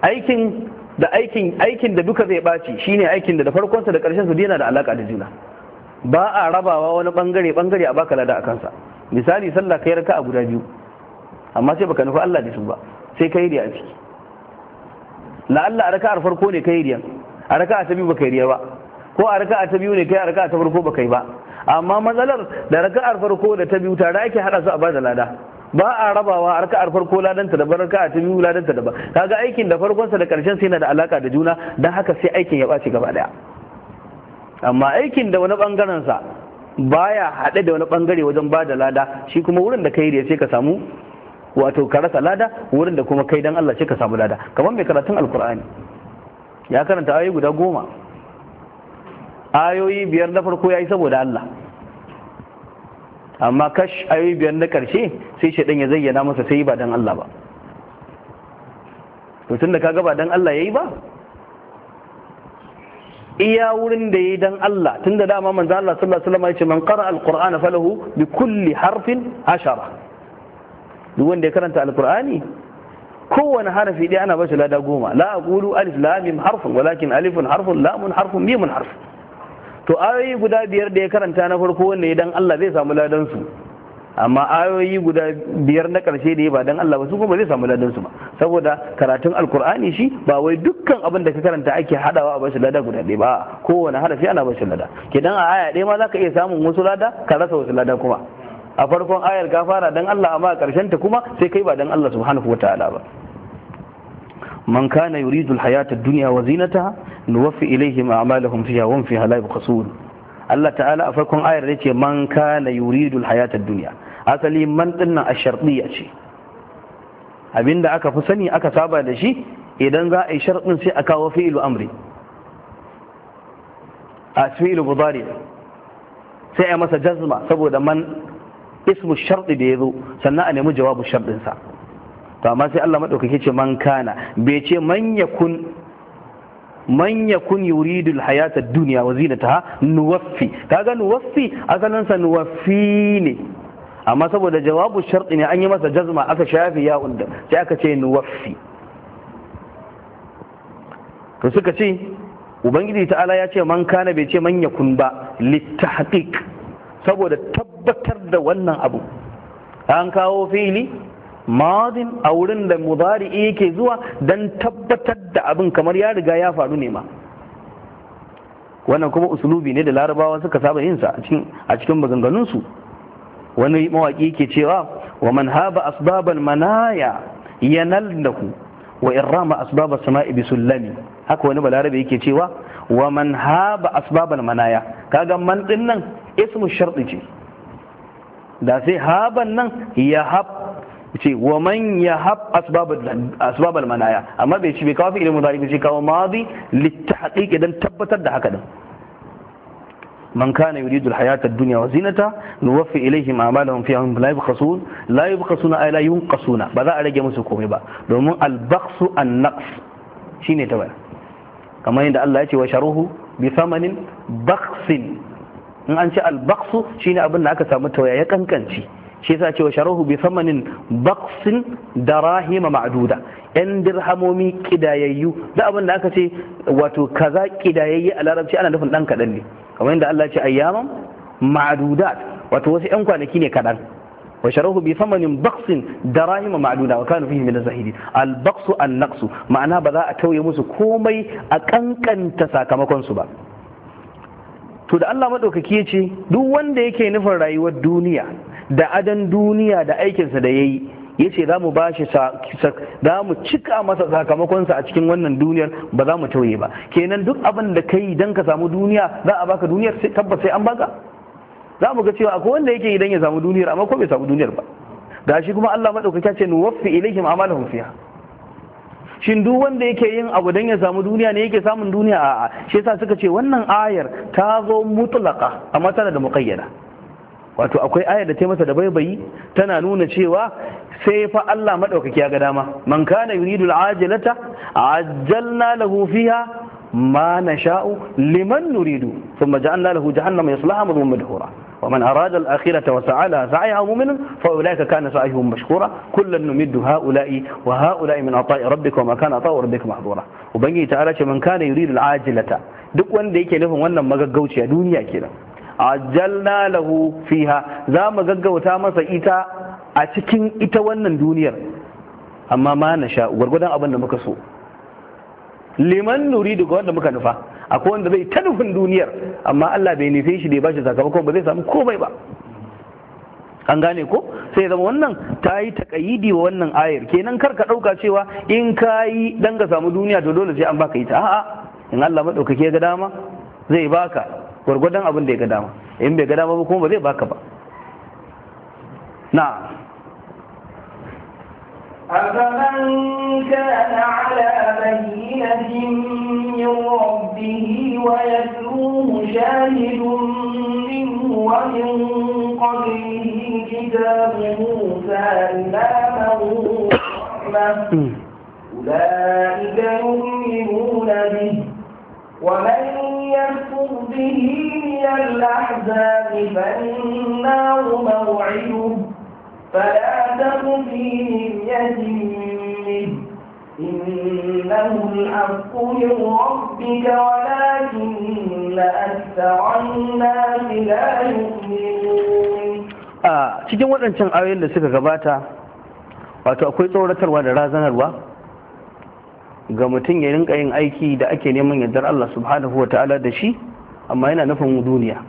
aikin da aikin aikin da duka zai ɓaci shine aikin da da farkonsa da karshen su yana da alaƙa da juna ba a rabawa wani ɓangare ɓangare a baka lada a kansa misali sallah kai raka'a guda biyu amma sai baka nufi Allah da su ba sai kai riya a la Allah a raka'ar farko ne kai riya a raka'a ta biyu baka riya ba ko a raka'a ta biyu ne kai a raka'a ta farko baka yi ba amma matsalar da raka'ar farko da ta biyu tare ake hada su a bada lada ba a rabawa a raka'ar farko ladanta da ban raka'a ta biyu ladanta da ba kaga aikin da farkon sa da karshen sai na da alaka da juna dan haka sai aikin ya bace gaba daya amma aikin da wani bangaren sa baya haɗe da wani bangare wajen ba da lada shi kuma wurin da kai da sai ka samu wato ka rasa lada wurin da kuma kai dan Allah sai ka samu lada kamar mai karatun alkur'ani ya karanta ayoyi guda goma ayoyi biyar na farko ya yi saboda Allah amma kash ayoyi biyar na karshe sai shaidan ya zayyana masa sai ba dan Allah ba to tun da kaga ba dan Allah yayi ba iya wurin da yi dan Allah tunda dama manzo Allah sallallahu alaihi wasallam ya ce man qara alqur'ana falahu bi kulli harfin ashara duk wanda ya karanta alqur'ani kowane harafi dai ana bashi lada goma la aqulu alif lam mim harfun walakin alifun harfun lamun harfun mimun harfun to ayoyi guda biyar da ya karanta na farko wanda ya dan Allah zai samu ladan su amma ayoyi guda biyar na karshe ne ba dan Allah ba su kuma zai samu ladan su ba saboda karatun alkur'ani shi ba wai dukkan abin da ka karanta ake hadawa a bashi lada guda ɗaya ba kowane harafi ana bashi lada kidan a aya ɗaya ma zaka iya samun wasu lada ka rasa wasu lada kuma a farkon ayar ka fara dan Allah amma karshen ta kuma sai kai ba dan Allah subhanahu wataala ba man kana yuridu alhayata ad-dunya wa zinataha nuwaffi ilayhim a'malahum fiha wa hum fiha la yubqasun Allah ta'ala a farkon ayar yace man kana yuridu alhayata ad-dunya asali man dinnan a sharɗiya ce abinda aka fi sani aka saba da shi idan za a yi sharɗin sai a kawo fi'ilu amri a fi'ilu mudari sai a masa jazma saboda man ismu sharɗi da ya zo sannan a nemi jawabu sharɗinsa to amma sai Allah maɗaukaki ce man kana bai ce man yakun man yakun yuridu alhayata ad-dunya wa zinataha nuwaffi kaga nuwaffi asalan nuwaffi ne amma saboda jawabu sharɗi ne an yi masa jazma aka shafi ya unda sai aka ce nuwafi to suka ce ubangiji ta'ala ya ce man kana bai ce man yakun ba littahqiq saboda tabbatar da wannan abu an kawo fili madin a wurin da muzari mudari yake zuwa don tabbatar da abin kamar ya riga ya faru ne ma wannan kuma usulubi ne da larabawa suka saba yinsa a cikin maganganunsu wani mawaƙi ke cewa wa man haba asbabal manaya yanalnahu wa irrama asbabas sama'i bisullami haka wani balarabe yake cewa wa man haba asbabal manaya kaga man din nan ismu sharɗi ce da sai haban nan ya hab ce wa man ya hab asbabal manaya amma bai ce bai kawo fi ilimin zari bai ce kawo madi littahaqiqi dan tabbatar da haka din man kana yuridu alhayata ad-dunya wa zinata nuwaffi ilayhim a'malahum fiha hum la yubkhasun la yubkhasuna ay la yunqasuna ba za a rage musu komai ba domin al-bakhsu shine ta kamar yadda Allah ya ce wa sharuhu bi samanin in an ci albaksu ne abin da aka samu tawaya ya kankanci shi yasa cewa sharahu bi samanin da Rahima ma'duda yan dirhamomi kidayayyu da abin da aka ce wato kaza kidayayye a larabci ana nufin dan kadan ne kamar yadda Allah ce ayyaman ma'dudat wato wasu yan kwanaki ne kadan wa sharahu bi samanin da darahima ma'duda wa kanu fihi min az al-baqsu an-naqsu ma'ana ba za a tauye musu komai a kankanta sakamakon su ba to da Allah madaukaki ya ce duk wanda yake nufin rayuwar duniya da adan duniya da aikinsa da ya yi ya ce za mu ,za mu cika masa sakamakonsa a cikin wannan duniyar ba za mu tauye ba kenan duk abin da ka yi don ka samu duniya za a baka duniyar tabbas sai an baka za mu ga cewa akwai wanda yake idan ya samu duniyar amma ko bai samu duniyar ba shi kuma Allah madaukaka ce waffi ilaihim amalahum fiha shin duk wanda yake yin abu dan ya samu duniya ne yake samun duniya a'a shi yasa suka ce wannan ayar ta zo mutlaqa amma tana da muqayyada wato akwai aya da ta masa da baibayi tana nuna cewa sai fa Allah maɗaukaki ga dama man kana yuridu al'ajilata ajjalna lahu fiha ma nasha'u liman nuridu thumma ja'alna lahu jahannama yaslaha madhura wa man arada al-akhirata wa sa'ala sa'ayha mu'minun fa ulaika kana sa'yuhum mashkura kullan numiddu ha'ula'i wa ha'ula'i min ata'i rabbika wa ma kana ata'u rabbika mahdura ubangi ta'ala ce man kana yuridu al'ajilata duk wanda yake nufin wannan a duniya kenan ajalna lahu fiha za mu gaggauta masa ita a cikin ita wannan duniyar amma ma na sha gwargwadon abin da muka so liman nuri daga wanda muka nufa akwai wanda zai ta nufin duniyar amma Allah bai nufe shi da ya bashi sakamakon ba zai samu komai ba an gane ko sai zama wannan ta yi takayidi wa wannan ayar kenan kar ka ɗauka cewa in ka yi dan ka samu duniya to dole sai an baka ita a'a in Allah maɗaukaki ya ga dama zai baka gwargwadon abin da ya ga dama in bai ga dama ba kuma ba zai baka ba na a كان على بينة من ربه ويتلوه شاهد منه ومن قبله كتاب موسى إماما ورحمة أولئك يؤمنون به ومن يكفر به من الأحزاب فالنار موعده فلا تك في مرية إنه الحق من ربك ولكن أكثر الناس لا يؤمنون cikin waɗancan ayoyin da suka gabata wato akwai tsoratarwa da razanarwa ga mutum ya rinka yin aiki da ake neman yardar Allah subhanahu wata'ala da shi amma yana nufin duniya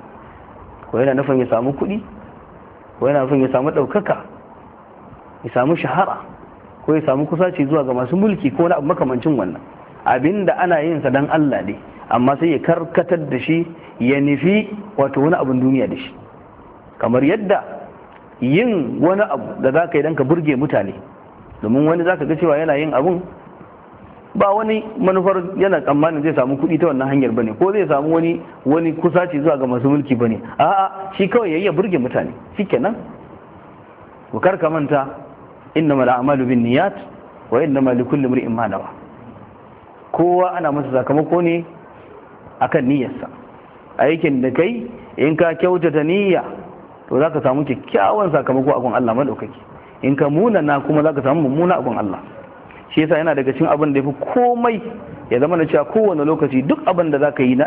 ko yana nufin ya samu kuɗi ko yana nufin ya samu ɗaukaka ya samu shahara ko ya samu kusaci zuwa ga masu mulki ko na abu makamancin wannan abinda ana yin sa dan Allah ne amma sai ya karkatar da shi ya nufi wato wani abin duniya da shi kamar yadda yin wani abu da za ka yi don ka burge mutane domin wani za ka ga cewa yana yin abun ba wani manufar yana tsammanin zai samu kuɗi ta wannan hanyar bane ko zai samu wani wani kusaci zuwa ga masu mulki bane a'a shi kawai yayi ya burge mutane shikenan ku ka manta innamal a'malu niyyat wa innamal likulli imrin ma nawa kowa ana masa sakamako ne akan niyyarsa aikin da kai in ka kyautata niyya to zaka samu kyakkyawan sakamako a gun Allah madaukaki in ka muna na kuma zaka samu mummuna a gun Allah shi yasa yana daga cikin abin da ya fi komai ya zama na cewa kowane lokaci duk abin da za ka yi na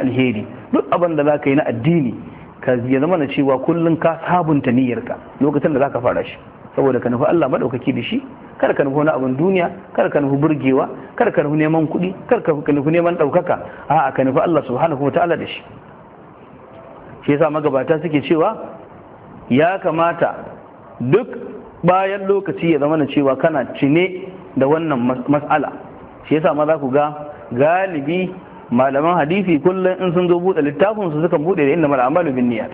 alheri duk abin da za ka yi na addini ka ya zama na cewa kullum ka sabunta niyyarka lokacin da za ka fara shi saboda ka nufi Allah maɗaukaki da shi kar ka nufi wani abin duniya kar ka nufi burgewa kar ka nufi neman kuɗi kar ka nufi neman ɗaukaka a'a ka nufi Allah subhanahu wataala da shi shi yasa magabata suke cewa ya kamata duk bayan lokaci ya zama na cewa kana cine da wannan mas'ala shi yasa ma za ku ga galibi malaman hadisi kullum in sun zo buɗe littafin su suka buɗe da inna mal amalu bin niyyat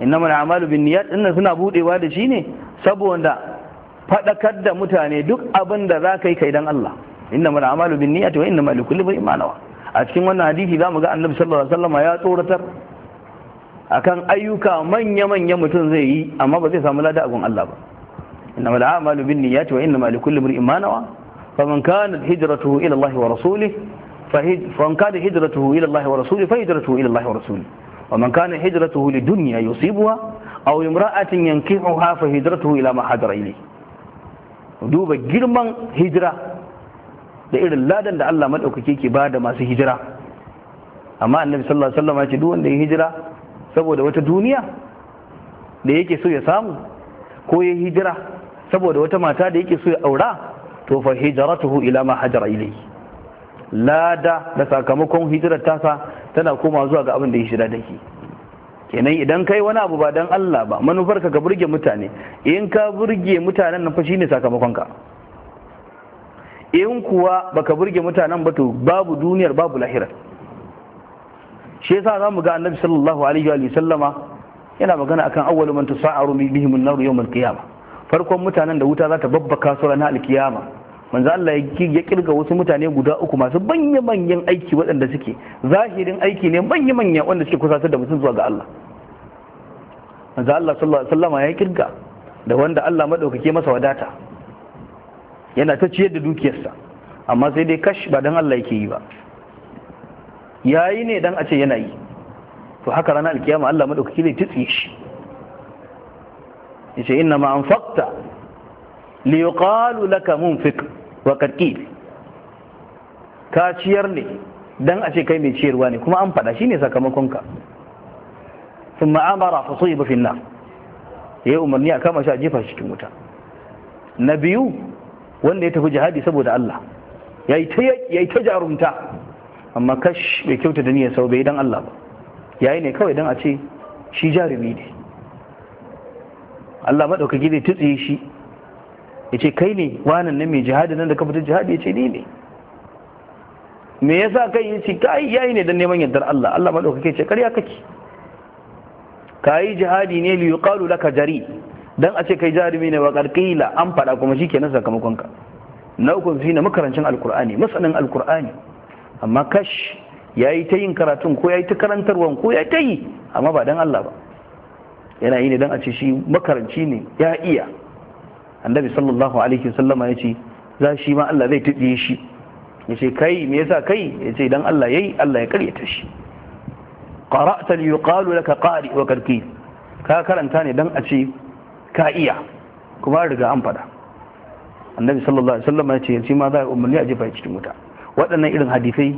inna mal amalu bin niyyat inna suna buɗewa da shi ne saboda faɗakar da mutane duk abin da za ka yi kai dan Allah inna mal amalu bin niyyat wa inna mal kulli bi imanawa a cikin wannan hadisi mu ga annabi sallallahu alaihi wasallam ya tsoratar akan ayyuka manya-manya mutum zai yi amma ba zai samu lada a Allah ba إنما الأعمال بالنيات وإنما لكل امرئ ما نوى فمن كانت هجرته إلى الله ورسوله فمن كان هجرته إلى الله ورسوله فهجرته إلى الله ورسوله ومن كان هجرته لدنيا يصيبها أو امرأة ينكحها فهجرته إلى ما حضر إليه duba girman hijira da irin ladan da Allah maɗaukaki ke ba da masu hijira amma annabi sallallahu alaihi wasallam ya ce duk wanda ya hijira saboda wata duniya da yake so ya samu ko ya hijira saboda wata mata da yake so ya aura to fa hijratuhu ila ma hajara ilayhi lada da sakamakon hijirar tasa tana koma zuwa ga abin da ya shiga dake kenan idan kai wani abu ba dan Allah ba manufar ka burge mutane in ka burge mutanen nan fa shine sakamakon ka in kuwa baka burge mutanen ba to babu duniyar babu lahira shi yasa zamu ga annabi sallallahu alaihi wa sallama yana magana akan awwalu man tusa'aru bihim an-nar yawm al-qiyamah farkon mutanen da wuta za ta babbaka su ranar alkiyama manzo Allah ya kirga wasu mutane guda uku masu manya manyan aiki waɗanda suke zahirin aiki ne manya manya wanda suke kusa da mutum zuwa ga Allah manzo Allah sallallahu alaihi wasallam ya kirga da wanda Allah madaukake masa wadata yana ta ciyar da dukiyarsa amma sai dai kash ba dan Allah yake yi ba yayi ne dan a ce yana yi to haka ranar alkiyama Allah madaukake zai tsiye shi yace inna ma anfaqta li yuqalu laka munfiq wa qatqil ka ciyar ne dan a ce kai mai ciyarwa ne kuma an fada shine sakamakon ka thumma amara fa suyiba fi nan ya yayi umarni a kama shi a jefa cikin wuta na biyu wanda ya tafi jihadi saboda Allah yayi ta ta jarumta amma kash bai kyauta da niyyar sau bai dan Allah ba yayi ne kawai dan a ce shi jarumi ne Allah maɗaukaki zai tutsiye shi ya ce kai ne wanan nan mai jihadi nan da ka fita jihadi ya ce ni ne me yasa kai ya ce kai yayi ne don neman yardar Allah Allah maɗaukaki ce karya kake kayi jihadi ne li yuqalu laka jari dan a ce kai jarumi ne wa qarqila an fada kuma na sakamakon ka na uku fi na makarancin alqur'ani masanin alqur'ani amma kash yayi ta yin karatun ko yayi ta karantarwan ko yayi ta yi amma ba dan Allah ba yana yi ne don a ce shi makaranci ne ya iya annabi sallallahu alaihi sallama ya ce za shi ma Allah zai tuɗe shi ya ce kai me yasa kai ya ce dan Allah yayi Allah ya karyata shi qara'ta li yuqalu laka qari wa karki ka karanta ne dan a ce ka iya kuma riga an fada annabi sallallahu alaihi wasallam ya ce yanzu ma za a umarni a jefa cikin wuta waɗannan irin hadisai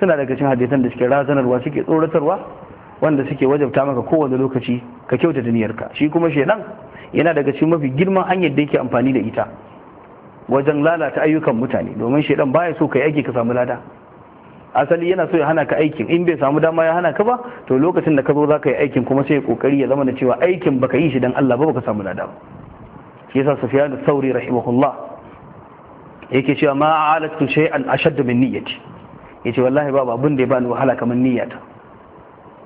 suna daga cikin hadisan da suke razanarwa suke tsoratarwa wanda suke wajabta maka kowane lokaci ka kyauta duniyarka. shi kuma shedan yana daga cikin mafi girman hanyar da yake amfani da ita wajen lalata ayyukan mutane domin shedan baya so ka yi aiki ka samu lada asali yana so ya hana ka aikin in bai samu dama ya hana ka ba to lokacin da ka zo za ka yi aikin kuma sai kokari ya zama da cewa aikin baka yi shi dan Allah ba baka samu lada ba shi yasa Sufyan sauri thawri rahimahullah yake cewa ma a'alatu shay'an ashadda min niyyati yace wallahi babu abin da ya bani wahala kamar niyyata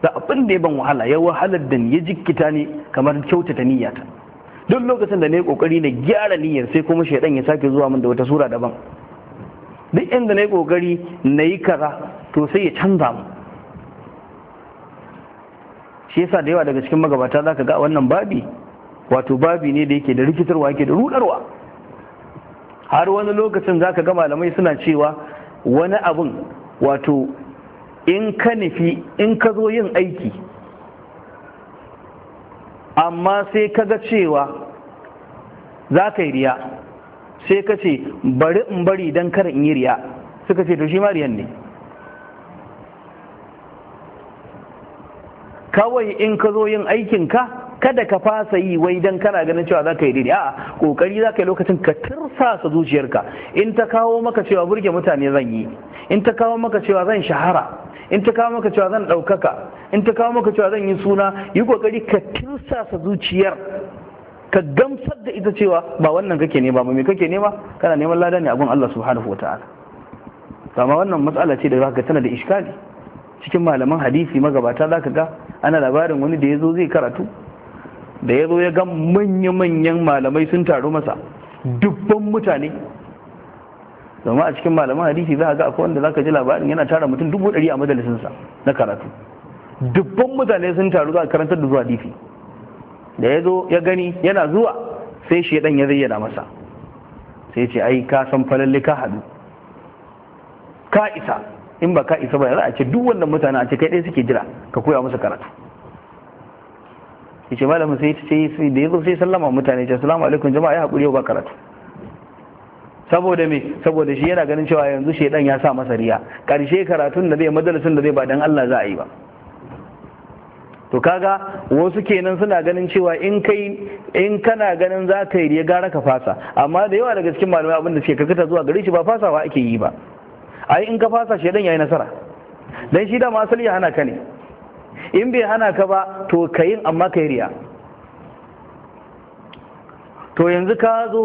da abin da ya ban wahala ya wahalar da ya jikita ne kamar kyautata niyyata duk lokacin da na yi kokari na gyara niyyar sai kuma shaidan ya sake zuwa min da wata sura daban duk inda na yi kokari na yi kaza to sai ya canza mu shi yasa da yawa daga cikin magabata za ka ga wannan babi wato babi ne da yake da rikitarwa yake da rudarwa har wani lokacin za ka ga malamai suna cewa wani abin wato in ka nufi in ka zo yin aiki amma sai ka ga cewa za ka yi riya sai ka ce bari in bari don kara in yi riya suka ce to shi mariyan ne kawai in ka zo yin aikinka kada ka fasa yi wai dan kana ganin cewa za ka yi daidai a kokari za ka yi lokacin ka tirsasa zuciyarka in ta kawo maka cewa burge mutane zan yi in ta kawo maka cewa zan shahara in ta kawo maka cewa zan ɗaukaka in ta kawo maka cewa zan yi suna yi kokari ka tirsasa zuciyar ka gamsar da ita cewa ba wannan kake nema ba me kake nema kana neman lada ne a abun Allah subhanahu wataala amma wannan matsala ce da zaka tana da iskali cikin malaman hadisi magabata zaka ga ana labarin wani da ya zo zai karatu da ya zo ya ga manya-manyan malamai sun taru masa dubban mutane zama a cikin malaman hadisi za a ga akwai wanda za ka ji labarin yana tara mutum dubu ɗari a majalisinsa na karatu dubban mutane sun taru za a karantar da zuwa difi da ya zo ya gani yana zuwa sai shi ya zayyana masa sai ce ai ka san falalle ka hadu ka isa in ba ka isa ba za a ce duk wannan mutane a ce kai ɗaya suke jira ka koya masa karatu yace malamin sai ta ce sai da yazo sai sallama mutane ce assalamu alaikum jama'a ya hakuri yau ba karatu saboda me saboda shi yana ganin cewa yanzu shedan ya sa masa riya karshe karatun da zai madalasin da zai ba dan Allah za a yi ba to kaga wasu kenan suna ganin cewa in kai in kana ganin za ka yi gara ka fasa amma da yawa daga cikin malamai abin da suke kakata zuwa gare shi ba fasawa ake yi ba ai in ka fasa shedan yayi nasara dan shi da ma asali ya hana ka ne in bai hana ka ba to ka yin amma ka riya to yanzu ka zo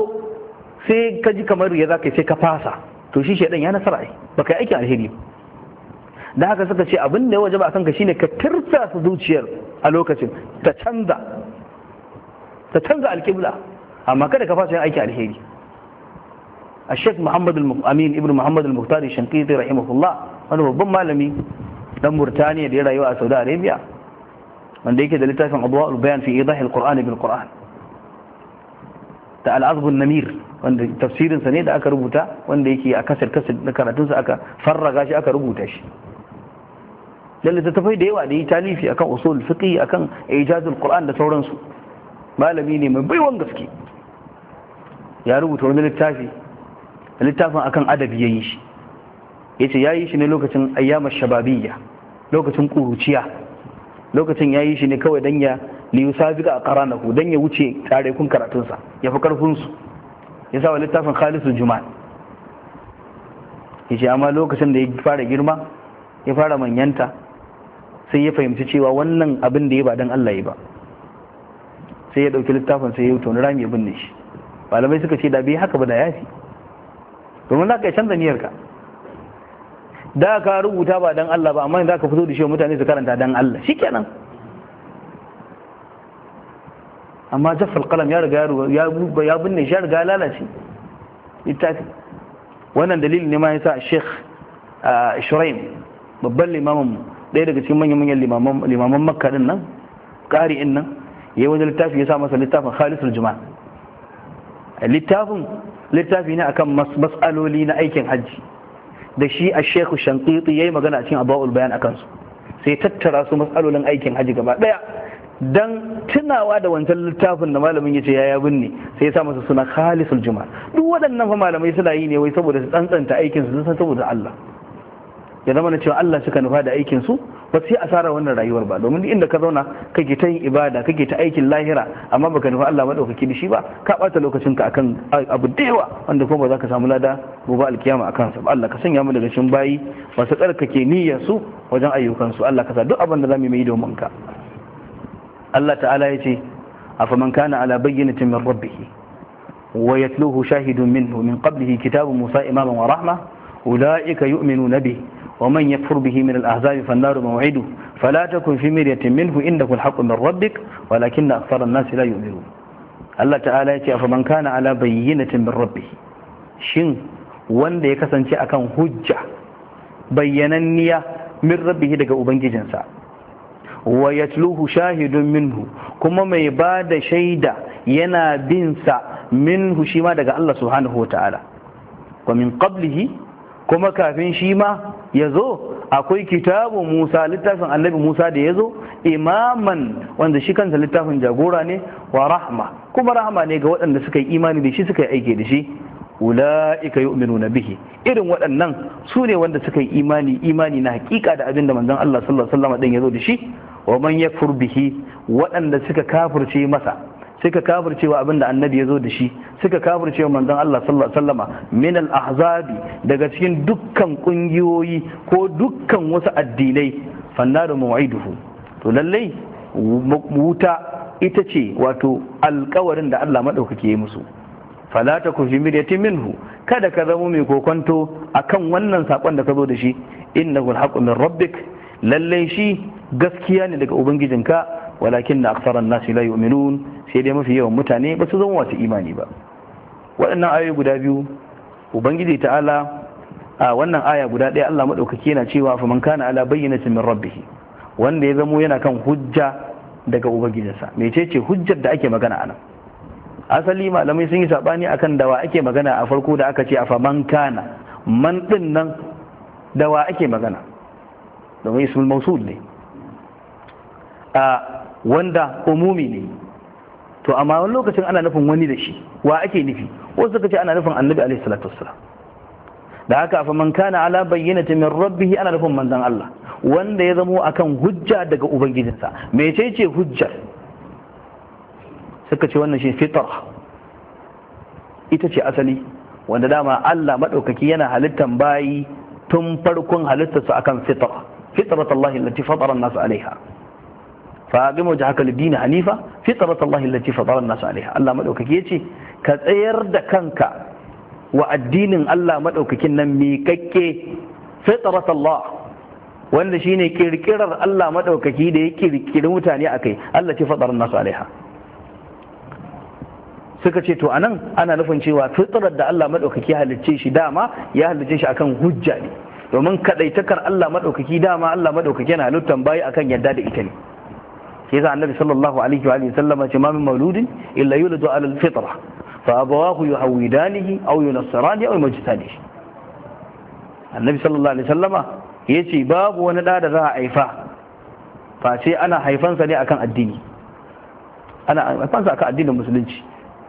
sai ka ji kamar riya za ka sai ka fasa to shi shaidan ya nasara ai ba ka yi aikin alheri da haka suka ce abin da ya waje ba a kanka shine ka tirsa su zuciyar a lokacin ta canza ta canza alƙibla amma kada ka fasa yin aikin alheri الشيخ محمد الم... أمين ابن محمد المختاري الشنقيطي رحمه الله wani babban malami dan Burtaniya da ya a Saudi Arabia wanda yake da littafin Adwa'ul Bayan fi Idah al-Qur'an bil Qur'an ta al-Azb namir wanda tafsirin sa ne da aka rubuta wanda yake a kasar kasar na karatun sa aka farraga shi aka rubuta shi ta littattafai da yawa da yi talifi akan usul fiqh akan ijazul Qur'an da sauransu malami ne mai baiwan gaske ya rubuta wani littafi littafin akan adabi yayi shi yace yayi shi ne lokacin ayyamash shababiyya lokacin kuruciya lokacin ya yi shi ne kawai don ya liyusa biga a na don ya wuce tare kun karatunsa ya fi karfinsu ya sa wa littafin khalisu juma'a ya ce amma lokacin da ya fara girma ya fara manyanta sai ya fahimci cewa wannan abin da ya ba don Allah ya ba sai ya ɗauki littafin sai ya yi tonu rami ya binne shi malamai suka ce da bai haka ba da yafi domin za ka canza niyyarka da ka rubuta ba dan Allah ba amma yanzu ka fito da shi mutane su karanta dan Allah shikenan amma jaffal qalam ya riga ya ya binne shi ya riga lalace littafi wannan dalilin ne ma yasa Sheikh Shuraim babban limamin mu ɗaya daga cikin manyan manyan limaman Makka din nan ƙari in nan yayi wani littafi ya sa masa littafin Khalisul Juma'a littafin littafi ne akan mas'aloli na aikin hajji da shi a shekhu shankiti ya yi magana a cikin abawul bayan a kansu sai tattara su matsalolin aikin haji gaba ɗaya dan tunawa da wancan littafin da malamin ya ce ya yi binne sai ya sa masa suna khalisul juma duk waɗannan fa malamai suna yi ne wai saboda su tsantsanta aikin su saboda Allah ya zama na cewa Allah suka nufa da aikin su ba sai asara wannan rayuwar ba domin inda ka zauna kake ta yin ibada kake ta aikin lahira amma baka nufi Allah madaukaki da shi ba ka bata lokacin ka akan abu da yawa wanda kuma ba za ka samu lada gobe alkiyama akan sa Allah ka sanya mu daga cikin bayi masu tsarkake niyyar su wajen ayyukan su Allah ka sa duk abin da zamu yi domin ka Allah ta'ala ya ce afaman kana ala bayyinatin min rabbih wa yatluhu shahidun minhu min qablihi kitabu musa imaman wa rahma ulaika yu'minuna ومن يكفر به من الأحزاب فالنار موعده فلا تكن في مرية منه إنه الحق من ربك ولكن أكثر الناس لا يؤمنون الله تعالى يتي فمن كان على بينة من ربه شن wanda ya kasance akan hujja bayyananniya min rabbihi daga ubangijinsa wa shahidun minhu kuma mai ba da shaida yana bin sa minhu shima daga Allah subhanahu wa ta'ala wa min qablihi kuma kafin shi ma ya zo akwai kitabu Musa littafin annabi Musa da ya zo imaman wanda shi kansa littafin jagora ne wa rahma kuma rahma ne ga waɗanda suka yi imani da shi suka yi aiki da shi ula'ika yu'minuna bihi irin waɗannan su ne wanda suka yi imani imani na hakika da abin da manzon Allah sallallahu alaihi wasallam din ya zo da shi wa man yakfur bihi waɗanda suka kafirce masa suka kafircewa abin da annabi ya zo da shi suka kafircewa manzon Allah sallallahu alaihi wasallama min al-ahzabi daga cikin dukkan kungiyoyi ko dukkan wasu addinai fannaru mu'iduhu to lallai wuta ita ce wato alkawarin da Allah madaukake ya musu fala ta kufi miryatin minhu kada ka zama mai kokonto akan wannan sakon da ka zo da shi innahu al-haqqu min rabbik lallai shi gaskiya ne daga ubangijinka walakin na aksaran nasu la yu'minun sai dai mafi yawan mutane ba su zama wasu imani ba waɗannan ayoyi guda biyu ubangiji ta'ala a wannan aya guda ɗaya Allah maɗaukaki yana cewa fa man kana ala bayyinatin min rabbih wanda ya zamo yana kan hujja daga ubangijinsa mecece hujjar da ake magana anan asali malamai sun yi sabani akan dawa ake magana a farko da aka ce a fa man kana man din nan dawa ake magana domin ismul mausul ne a wanda umumi ne to amma wani lokacin ana nufin wani da shi wa ake nufi wasu suka ce ana nufin annabi alaihi salatu wassalam da haka fa man kana ala bayyinati min rabbih ana nufin manzon Allah wanda ya zamo akan hujja daga ubangijinsa mece ce hujjar suka ce wannan shi fitar ita ce asali wanda dama Allah madaukaki yana halittan bayi tun farkon halittarsa akan fitar fitratallahi allati fatara an-nas alaiha fa wajen haka lid-din hanifa fitrat Allah allati fatara nasu alaiha Allah madaukaki yace ka tsayar da kanka wa addinin Allah maɗaukakin nan miƙaƙƙe Fi Allah wanda shine ƙirƙirar Allah maɗaukaki da ya kirkiri mutane a kai. Allah ce fatara nasu nas alaiha suka ce to anan ana nufin cewa fitarar da Allah maɗaukaki ya halicce shi dama ya halicce shi akan hujja ne domin kaɗaitakar Allah maɗaukaki dama Allah maɗaukaki yana halittar bayi akan yadda da ita ne shi yasa annabi sallallahu alaihi wa sallam ce ma min mauludin illa yuladu ala alfitra fa abawahu yuhawidanihi aw yunassirani aw yumajjisani annabi sallallahu alaihi sallama yace babu wani da da za a haifa face ana haifansa ne akan addini ana haifansa akan addinin musulunci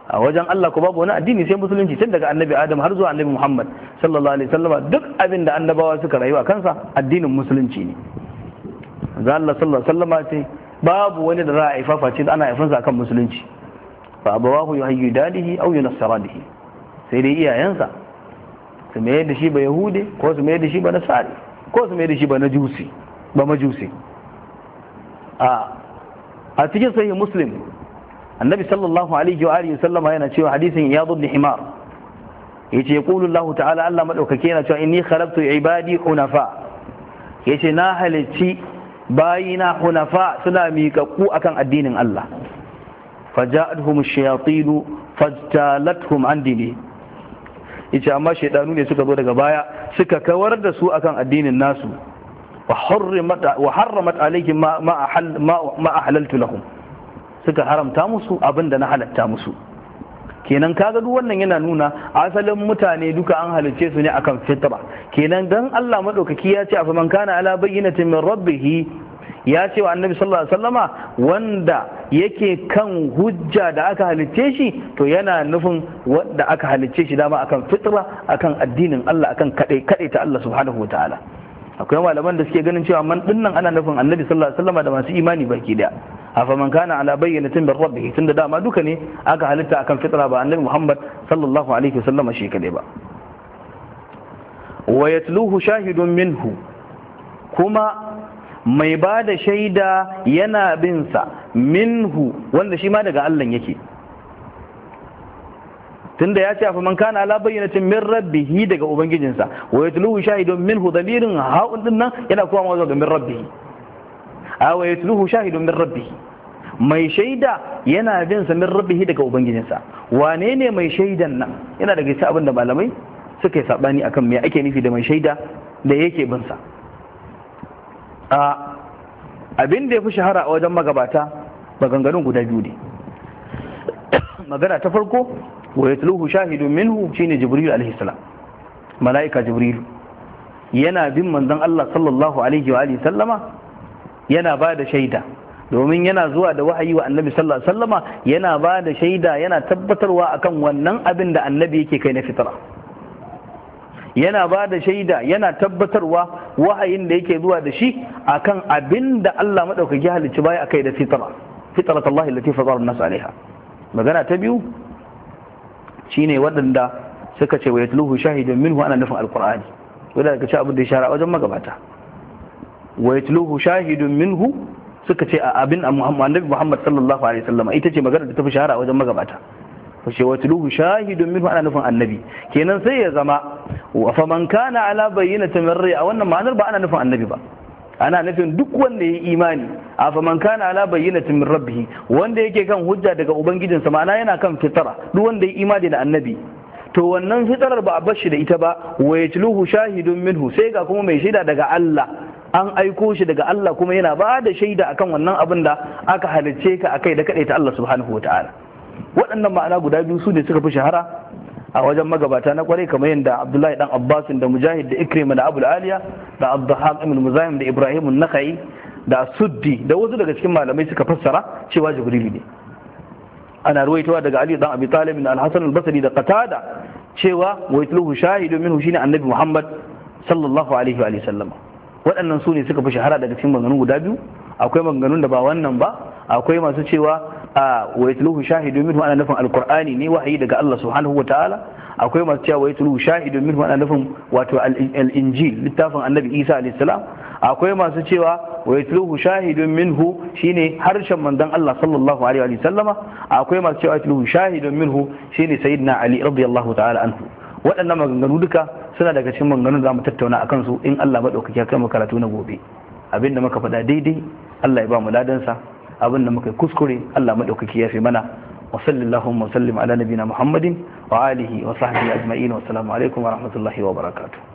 a wajen Allah ko babu wani addini sai musulunci tun daga annabi Adam har zuwa annabi Muhammad sallallahu alaihi wasallam duk abin da annabawa suka rayu a kansa addinin musulunci ne za Allah sallallahu alaihi wasallam ce babu wani da za a haifa face ana haifansa akan musulunci fa abawahu yuhayyidanihi aw yunassiranihi sai dai iyayensa su mayar da shi ba yahude ko su mayar da shi ba na nasari ko su mayar da shi ba na jusi ba majusi a a cikin sahih muslim annabi sallallahu alaihi wa alihi sallama yana cewa hadisin iyad ibn himar yace yaqulu allah ta'ala allah madaukake yana cewa inni khalaqtu ibadi hunafa yace na halicci bayina hunafa suna miƙaƙƙu akan addinin Allah faja'adhum shayatinu fajtalathum an dini yace amma shaydanu ne suka zo daga baya suka kawar da su akan addinin nasu wa harramat wa ma ma ma ahlaltu lahum suka haramta musu abinda na halatta musu kenan kaga duk wannan yana nuna asalin mutane duka an halice su ne akan fitra kenan dan Allah madaukaki ya ce a faman kana ala bayyinati min rabbih ya ce wa annabi sallallahu alaihi wasallama wanda yake kan hujja da aka halice shi to yana nufin wanda aka halice shi dama akan fitra akan addinin Allah akan kadai kadai ta Allah subhanahu wataala akwai malaman da suke ganin cewa man dinnan ana nufin annabi sallallahu alaihi wasallama da masu imani baki daya afa man kana ala bayyinatin min rabbih tunda dama duka ne aka halitta akan fitra ba annabi Muhammad sallallahu alaihi wasallam shi kadai ba wa yatluhu shahidun minhu kuma mai ba da shaida yana bin sa minhu wanda shi ma daga Allah yake tunda ya ce afa man kana ala bayyinatin min rabbih daga ubangijinsa wa yatluhu shahidun minhu dalilin ha'un din nan yana kuma mazo ga min a wa yatluhu shahidun min rabbih mai shaida yana bin sa min rabbihi daga ubangijinsa wane ne mai shaidan nan yana daga cikin abin malamai suka yi sabani akan me ake nufi da mai shaida da yake bin sa a abin da ya shahara a wajen magabata maganganun guda biyu ne magana ta farko wa yatluhu shahidun minhu shine jibril alaihi salam mala'ika jibril yana bin manzon Allah sallallahu alaihi wa alihi sallama yana ba da shaida domin yana zuwa da wahayi wa annabi sallallahu alaihi wasallama yana ba da shaida yana tabbatarwa akan wannan abin da annabi yake kai na fitara yana ba da shaida yana tabbatarwa wahayin da yake zuwa da shi akan abin da Allah madaukaki halicci baya akai da fitara fitrat Allah allati fadara an-nas alaiha magana ta biyu shine waɗanda suka ce wa yatluhu shahidun minhu ana nufin alqur'ani wanda daga ci abin da ya shara wajen magabata wa yatluhu shahidun minhu suka ce a abin annabi Muhammad sallallahu alaihi sallama ita ce magana da ta fi shahara a wajen magabata ce wa tuluhu shahidun minhu ana nufin annabi kenan sai ya zama wa man kana ala bayyinatin min a wannan ma'anar ba ana nufin annabi ba ana nufin duk wanda ya yi imani a man kana ala bayyinatin min rabbihi wanda yake kan hujja daga ubangijinsa ma'ana yana kan fitara duk wanda ya imani da annabi to wannan fitarar ba a bar shi da ita ba wa yatluhu shahidun minhu sai ga kuma mai shaida daga Allah an aiko shi daga Allah kuma yana ba da shaida akan wannan abin da aka halicce ka akai da ta Allah subhanahu wa ta'ala waɗannan ma'ana guda biyu su ne suka fi shahara a wajen magabata na kwarai kamar yadda Abdullahi dan Abbas da Mujahid da Ikrima da Abu Aliya da Abdulhaq ibn Muzahim da Ibrahim Nakayi, da Suddi da wasu daga cikin malamai suka fassara cewa Jibril ne ana ruwaitowa daga Ali dan Abi Talib da Al-Hasan al-Basri da Qatada cewa wa shahidu minhu shine annabi Muhammad sallallahu alaihi wa sallam waɗannan su ne suka fi shahara daga cikin maganganun guda biyu akwai maganganun da ba wannan ba akwai masu cewa a wa yatluhu shahidu minhu ana nufin alqur'ani ne wahayi daga Allah subhanahu wa ta'ala akwai masu cewa wa yatluhu shahidu minhu ana nufin wato al-injil littafin annabi Isa alayhi salam akwai masu cewa wa yatluhu shahidun minhu shine harshen manzon Allah sallallahu alaihi wa sallama akwai masu cewa yatluhu shahidun minhu shine sayyidina Ali radiyallahu ta'ala anhu waɗannan maganganu duka suna daga cikin maganganun za mu tattauna a kansu in Allah maɗaukaki ya kai mu karatu na gobe abin da muka faɗa daidai Allah ya ba mu ladansa abin da muka kuskure Allah maɗaukaki ya fi mana wa sallallahu wa sallim ala nabina muhammadin wa alihi wa sahbihi ajma'in wa assalamu alaikum wa rahmatullahi wa barakatuh